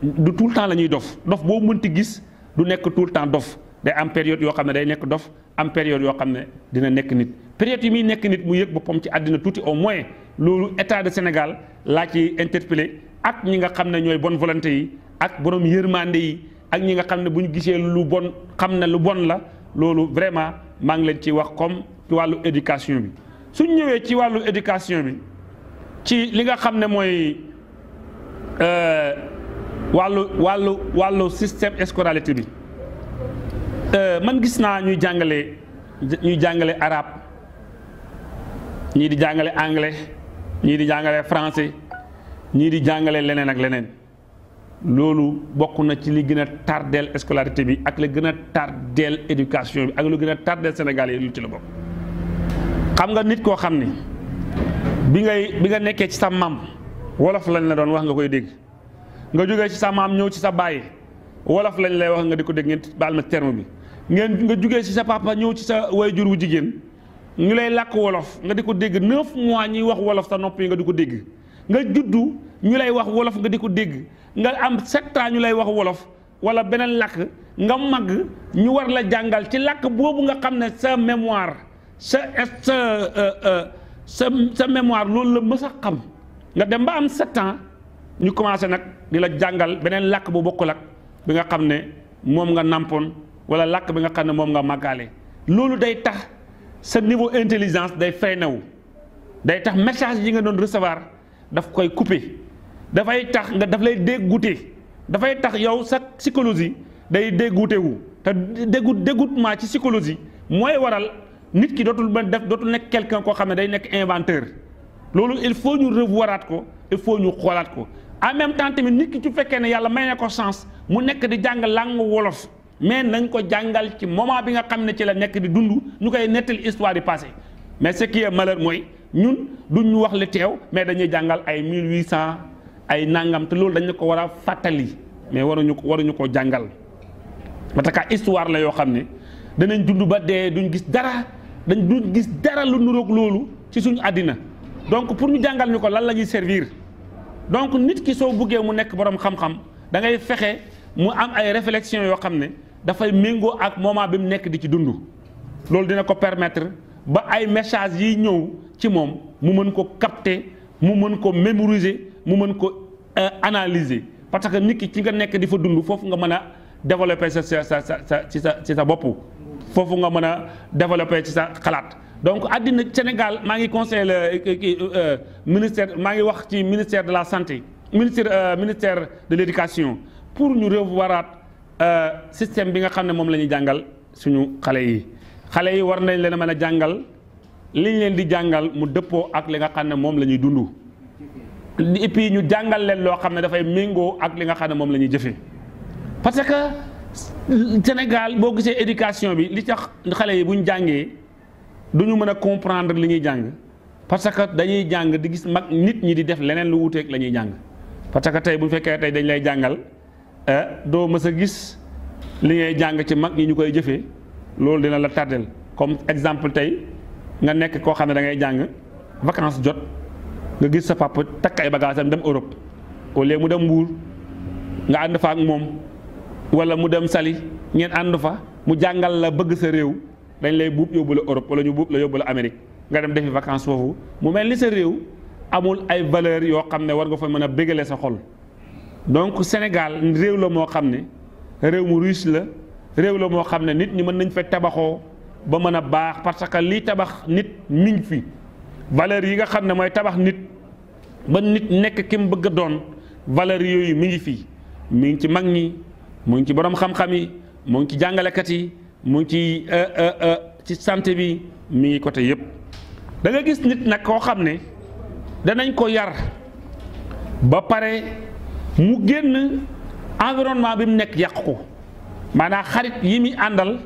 du tout le temps la ñuy dof dof boo mënti gis du nekk tout le temps dof day am période yoo xam ne day nekk dof am période yoo xam ne dina nekk nit période yi mii nekk nit mu yëg boppam ci àddina tuuti au moins loolu état de Sénégal laa ci interpellé ak ñi nga xam ne ñooy bon volonté yi ak borom yërmande yi ak ñi nga xam ne bu ñu gisee lu bon xam ne lu bon la loolu vraiment maa ngi leen ci wax comme ci wàllu éducation bi. suñ ñëwee ci wàllu éducation bi ci li nga xam ne mooy euh, wàllu wàllu wàllu système scolarité bi euh, man gis naa ñuy jàngale ñuy jàngale arabe. ñii di jàngale anglais ñii di jàngale français ñii di jàngale leneen ak leneen loolu bokk na ci li gën a tardeel scolarité bi ak li gën a tardeel éducation bi ak lu gën a tardeel Sénégal yi lu ci la bokk xam nga nit koo xam ni bi ngay bi nga nekkee ci sa maam wolof lañ la doon wax nga koy dégg nga jógee ci sa maam ñëw ci sa baay wolof lañ lay wax nga di ko dégg ngeen baal ma terme bi ngeen nga jógee ci sa papa ñëw ci sa wayjur wu jigéen ñu lay làkk wolof nga di ko dégg neuf mois ñuy wax wolof sa nopp yi nga di ko dégg nga juddu ñu lay wax wolof nga di ko dégg nga am sept ñu lay wax wolof wala beneen làkk nga màgg ñu war la jàngal ci làkk boobu nga xam ne sa mémoire sa sa euh, euh, sa sa mémoire loolu la mës xam nga dem ba am sept ans ñu commencé nag di la jàngal beneen làkk bu bokkul ak bi nga xam ne moom nga nàmpoon wala làkk bi nga xam ne moom nga màggaale loolu day tax sa niveau intelligence day freiné wu day tax message yi nga doon recevoir daf koy coupé dafay tax nga daf lay dégoûté dafay tax yow sa psychologie day dégoûté wu te dégoût dégoûtement ci psychologie mooy waral nit ki dootul ba def dootul nekk quelqu'un koo xam ne day nekk inventeur loolu il faut ñu revoiraat ko il faut ñu xoolaat ko en même temps tamit nit ki su fekkee ne yàlla may na ko chance mu nekk di jàng langue wolof mais nañ ko jàngal ci moment bi nga xam ne ci la nekk di dund ñu koy nettali histoire yi passé mais ce qui est mooy ñun duñ ñu wax li teew mais dañuy jàngal ay 1800 ay nangam te loolu dañ ko war a fàttali mais waruñu ko waruñu ko jàngal parce que histoire la yoo xam ne danañ dund ba dee duñ gis dara dañ duñ gis dara lu nuroog loolu ci suñu àddina donc pour ñu jàngal ñu ko lan la ñuy servir donc nit ki soo buggee mu nekk borom xam-xam da ngay fexe mu am ay réflexion yoo xam ne. dafay méngoo ak moment bi mu nekk di ci dundu loolu dina ko permettre ba ay message yiy ñëw ci moom mu mën ko capter mu mën ko mémoriser mu mën ko euh, analyser parce que nit ki ci nga nekk di fa dund foofu nga mën a développer sa sa sa sa ci sa ci sa bopp foofu nga mën a développer ci sa xalaat donc àddina Sénégal maa ngi conseil euh, ministère maa ngi wax ci ministère de la santé ministère euh, ministère de l'éducation pour ñu revoiraat Euh, système bi nga xam ne moom la ñuy jàngal suñu xale yi xale yi war nañ leen a mën a jàngal liñ leen di jàngal mu dëppoo ak li nga xam ne moom la ñuy dund et puis ñu jàngal leen loo xam ne dafay méngoo ak li nga xam ne moom la ñuy jëfee parce que Sénégal boo gisee éducation bi li tax xale yi bu ñu jàngee du ñu mën a comprendre li ñuy jàng parce que dañuy jàng di gis mag nit ñi di def leneen lu wuuteeg la ñuy jàng parce que tey bu fekkee tey dañ lay jàngal. Eh, doo mës a gis li ngay jàng ci mag yi ñu koy jëfee loolu dina la tardel comme exemple tey nga nekk koo xam ne da ngay jàng vacance jot nga gis sa papa takk ay bagages am dem Europe au lieu mu dem Mbuur nga ànd fa ak moom wala mu dem sali ngeen ànd fa mu jàngal la bëgg sa réew dañ lay buub yóbbu la Europe wala ñu buub la yóbbu la Amérique nga dem defi vacance foofu mu mel ni sa réew amul ay valeur yoo xam ne war nga fa mën a bégale sa xol. donc Sénégal réew la moo xam ne réew mu riche la réew la moo xam ne nit ñi mën nañ fee tabaxoo ba mën a baax parce que lii tabax nit niñ fi valeurs yi nga xam ne mooy tabax nit ba nit nekk ki mu bëgg a doon valeurs yooyu mi ngi fii mi ngi ci mag ñi mu ngi ci borom xam-xam yi mu ngi ci jàngalekat yi mu ngi ci euh, euh, euh, ci santé bi mi ngi côté yëpp da nga gis nit nag koo xam ne danañ ko yar ba pare. mu génn environnement bi mu nekk yàq ko maanaa xarit yi muy àndal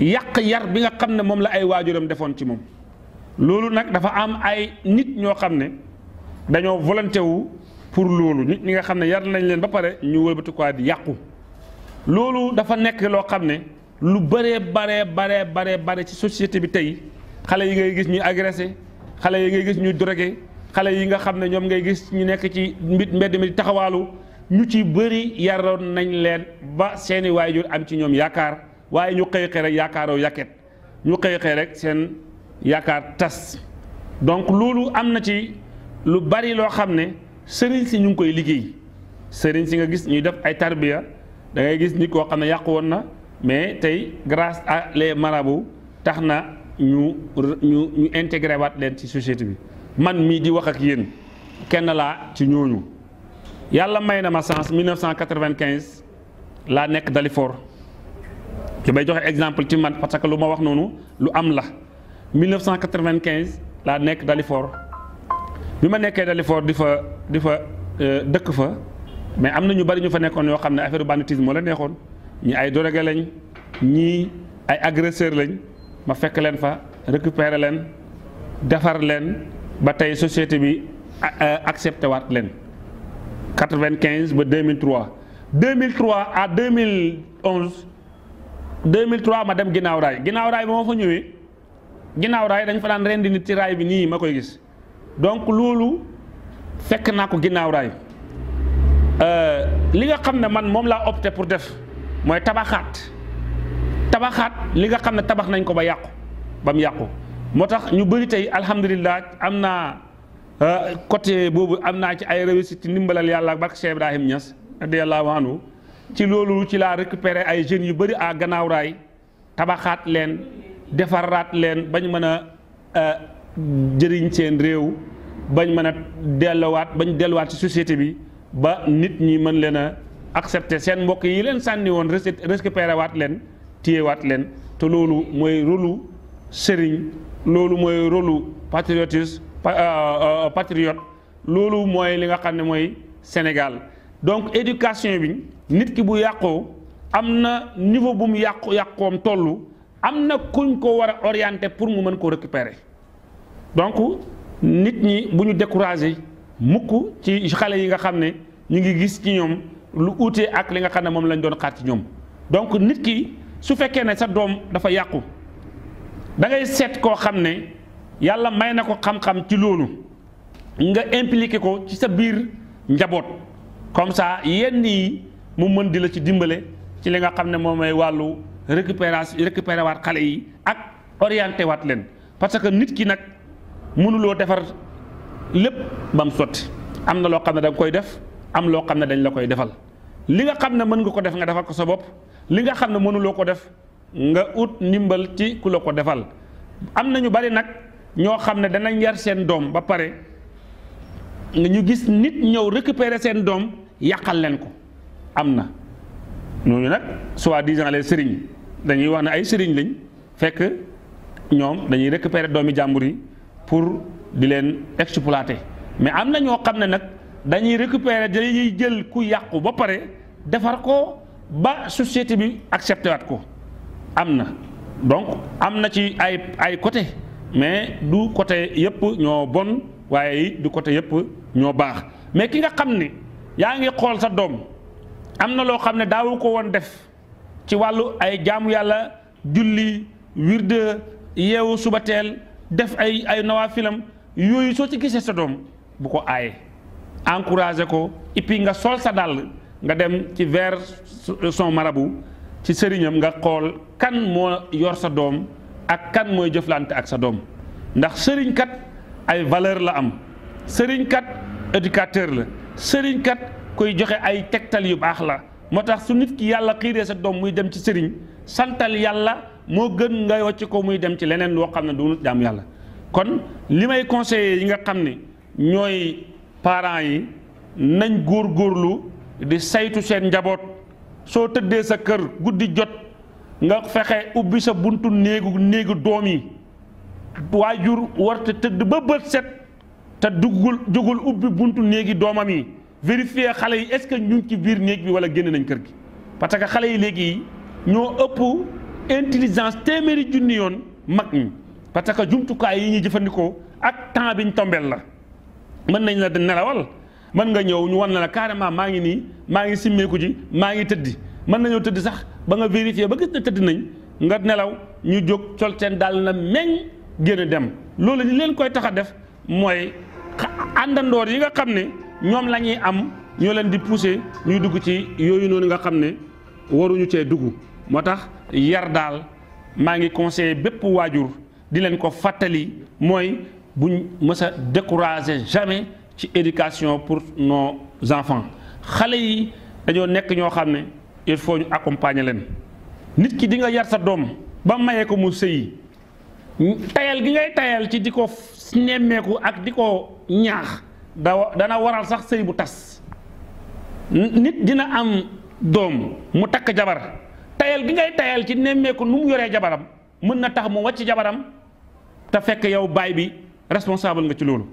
yàq yar bi nga xam ne moom la ay waajuram defoon ci moom loolu nag dafa am ay nit ñoo xam ne dañoo volonté wu pour loolu nit ñi nga xam ne yar nañ leen ba pare ñu wëlbati di yàqu loolu dafa nekk loo xam ne lu bëree baree baree baree bare ci société bi tey xale yi ngay gis ñuy agressé xale yi ngay gis ñuy drogué xale yi nga xam ne ñoom ngay gis ñu nekk ci mbit mbedd mi di taxawaalu ñu ci bëri yaroon nañ leen ba seeni waajur am ci ñoom yaakaar waaye ñu xëy rek yaakaaroo yàkket ñu xëy xëy rek seen yaakaar tas donc loolu am na ci lu bari loo xam ne sëriñ si ñu ngi koy liggéey sëriñ si nga gis ñuy def ay tarbiya da ngay gis nit koo xam ne yàq woon na mais tey grâce à les marabouts tax na ñu ñu ñu intégré waat leen ci société bi man mii di wax ak yéen kenn laa ci ñooñu yàlla may na ma chance 1995 laa nekk Dalifort ki may joxe exemple ci man parce que lu ma wax noonu lu am la 1995 laa nekk Dalifort bi ma nekkee Dalifort di fa di fa euh, dëkk fa mais am na ñu bari ñu fa nekkoon yoo xam ne affaire banditisme moo la neexoon ñi ay drogué lañ ñii ay agresseur lañ ma fekk leen fa récupérer leen defar leen. ba tey société bi accepté waat leen 95 ba 2003 2003 à 2011 2003 ma dem ginnaaw raay ginnaaw raay ba ma fa ñëwee ginnaaw raay dañ fa daan rendi nit ci raay bi nii ma koy gis donc loolu fekk naa ko ginnaaw raay euh, li nga xam ne man moom laa opté pour def mooy tabaxaat tabaxaat li nga xam ne tabax nañ ko ba yàqu ba mu yàqu moo tax ñu bëri tey alhamdulillah am naa euh, côté boobu am naa ci ay réussite ndimbalal yàlla ak barke Cheikh Ibrahim Niass radiyallahu anhu ci loolu ci laa récupérer ay jeunes yu bëri à gannaaw tabaxaat leen defaraat leen bañ mën a euh, jëriñ seen réew bañ mën a delluwaat bañ delluwaat ci société bi ba nit ñi mën leen a accepter seen mbokk yi leen sànni woon récupérer waat leen téyewaat leen te loolu mooy rôlu sëriñ loolu mooy rôlu patriotis euh, euh, patriote loolu mooy li nga xam ne mooy Sénégal donc éducation bi nit ki bu yàqoo am na niveau bu mu yàqu yàqoom toll am na kuñ ko war a orienter pour mu mën ko récupérer donc nit ñi bu ñu découragé mukk ci xale yi nga xam ne ñu ngi gis ci ñoom lu uute ak li nga xam ne moom lañ doon xaar ci ñoom donc nit ki su fekkee ne sa doom dafa yàqu da ngay seet koo xam ne yàlla may na ko xam-xam ci loolu nga impliqué ko ci sa biir njaboot comme ça yenn yi mu mën di la ci dimbale ci li nga xam ne moom mooy wàllu récupération récupéré waat xale yi ak orienté waat leen parce que nit ki nag mënuloo defar lépp ba mu sotti am na loo xam ne da koy def am loo xam ne dañ la koy defal li nga xam ne mën nga ko def nga defal ko sa bopp li nga xam ne mënuloo ko def nga ut ndimbal ci ku la ko defal am na ñu bari nag ñoo xam ne danañ yar seen doom ba pare ñu gis nit ñëw récupérer seen doom yàqal leen ko am na ñooñu nag soit disant les sëriñ dañuy wax ne ay sëriñ lañ fekk ñoom dañuy récupérer doomi jàmbur yi pour di leen exploité mais am na ñoo xam ne nag dañuy récupérer dañuy jël ku yàqu ba pare defar ko ba société bi accepté waat ko am na donc am na ci ay ay côté mais du côté yëpp ñoo bon waaye du côté yëpp ñoo baax mais ki nga xam ni yaa ngi xool sa doom am na loo xam ne daawu ko woon def ci wàllu ay jaamu yàlla julli wirde yeewu suba teel def ay ay nawaafilam yooyu soo ci gisee sa doom bu ko aaye encouragé ko et nga sol sa dàll nga dem ci vers son marabu ci sëriñam nga xool kan moo yor sa doom ak kan mooy jëflante ak sa doom ndax sëriñkat ay valeur la am sëriñ kat éducateur la sëriñ kat koy joxe ay tegtal yu baax la moo tax su nit ki yàlla xiiree sa doom muy dem ci sëriñ santal yàlla moo gën nga wàcc ko muy dem ci leneen loo xam ne du jaam yàlla kon li may conseillé yi nga xam ne ñooy parents yi nañ góor góorlu di saytu seen njaboot soo tëddee sa kër guddi jot nga fexe ubbi sa buntu néegu néegu doom yi waajur warte tëdd ba bët set te duggul jógul ubbi buntu néegi doomam yi vérifier xale yi est-ce que ñu ngi ci biir néeg bi wala génn nañ kër gi parce que xale yi léegi ñoo ëpp intelligence téeméeri junni yoon mag ñi parce que jumtukaay yi ñuy jëfandikoo ak temps bi ñu tombel la mën nañ la nelawal mën nga ñëw ñu na la carrément maa ngi nii maa ngi simmeeku ji maa ngi tëdd mën nañoo tëdd sax ba nga vérifié ba gis ne tëdd nañ nga nelaw ñu jóg col seen daal na meññ génn dem loolu ñu leen koy tax a def mooy àndandoor yi nga xam ne ñoom la ñuy am ñoo leen di poussé ñuy dugg ci yooyu noonu nga xam ne waruñu cee dugg moo tax yar daal maa ngi conseillé bépp waajur di leen ko fàttali mooy buñ mës a découragé jamais ci éducation pour nos enfants xale yi dañoo nekk ñoo xam ne il faut ñu accompagner leen nit ki di nga yar sa doom ba mayee ko mu sëyi tayal gi ngay tayal ci di ko nemmeeku ak di ko ñaax da dana waral sax sëy bu tas nit dina am doom mu takk jabar tayal gi ngay tayal ci nemmeeku nu mu yoree jabaram mën na tax mu wacc jabaram te fekk yow baay bi responsable nga ci loolu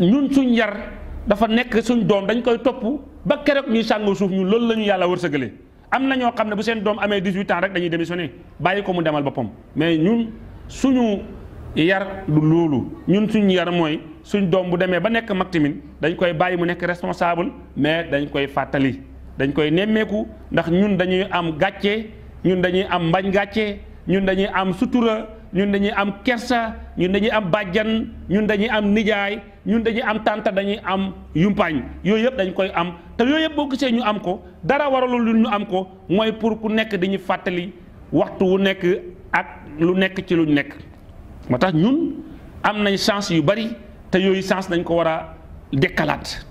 ñun suñ yar dafa nekk suñu doom dañ koy topp ba keroog ñuy sàngoo suuf ñu loolu la ñu yàlla wërsëgalee am na ñoo xam ne bu seen doom amee 18 ans rek dañuy démissionné bàyyi ko mu demal boppam mais ñun suñu yar du loolu ñun suñu yar mooy suñ doom bu demee ba nekk mag tamit dañ koy bàyyi mu nekk responsable mais dañ koy fàttali dañ koy nemmeeku ndax ñun dañuy am gàcce ñun dañuy am mbañ gàcce ñun dañuy am sutura ñun dañuy am kersa ñun dañuy am bàjjan ñun dañuy am nijaay ñun dañuy am tànta dañuy am yumpaañ yooyu yëpp dañ koy am te yooyu yëpp boo gisee ñu am ko dara waralul lu ñu am ko mooy pour ku nekk dañuy fàttali waxtu wu nekk ak lu nekk ci lu nekk. moo tax ñun am nañ chance yu bari te yooyu chance dañ ko war a dekkalaat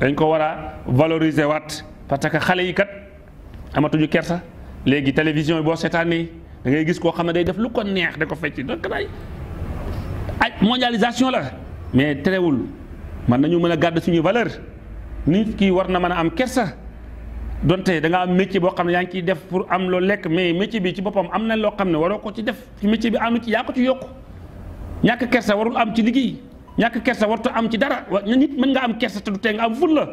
dañ ko war a valoriser waat parce que xale yi kat amatuñu kersa léegi télévision boo seetaanee. da ngay gis koo xam ne day def lu ko neex da ko fecc donc day ay mondialisation la mais terewul man nañu mën a gàdd suñu valeur nit ki war na mën a am kersa donte da am métier boo xam ne yaa ngi ciy def pour am loo lekk mais métier bi ci boppam am na loo ne waroo ko ci def ci métier bi àndu ci yaa ko ci yokku ñàkk kersa warul am ci liggéey ñàkk kersa warut am ci dara nit mën nga am kersa te du tee nga am ful la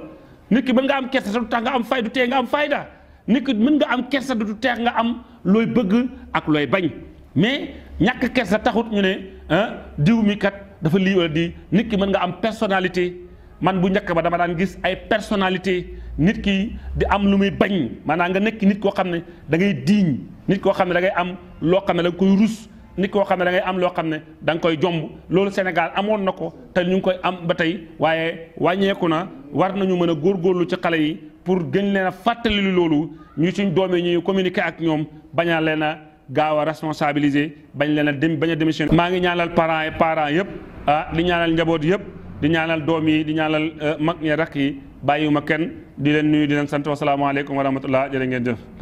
nit ki mën nga am kersa te du tax nga am fay du tee nga am fayda ni que mën nga am kersa du teex nga am looy bëgg ak looy bañ mais ñàkk kersa taxut ñu ne diw mi kat dafa lii wala di nit ki mën nga am personnalité man bu njëkk ba dama daan gis ay personnalité nit ki di am lu muy bañ maanaam nga nekk nit koo xam ne da ngay diiñ nit koo xam ne da ngay am loo xam ne da nga koy rus nit koo xam ne da am loo xam ne danga koy jomb loolu Sénégal amoon na ko te ñu ngi koy am ba tey waaye wàññeeku na war nañu mën a góor góorlu ci xale yi pour gën leen a fàttali loolu ñu suñ doomee ñuy communiquer ak ñoom bañaa leen a gaaw a responsabiliser bañ leen a dem bañ a démissionné. maa ngi ñaanal parent et parents yëpp ah di ñaanal njaboot yëpp di ñaanal doom yi di ñaanal euh, mag ñi rakk yi bàyyiwuma kenn di leen nuyu di leen sant wasalaamaaleykum wa rahmatullah jërë ngeen jëf.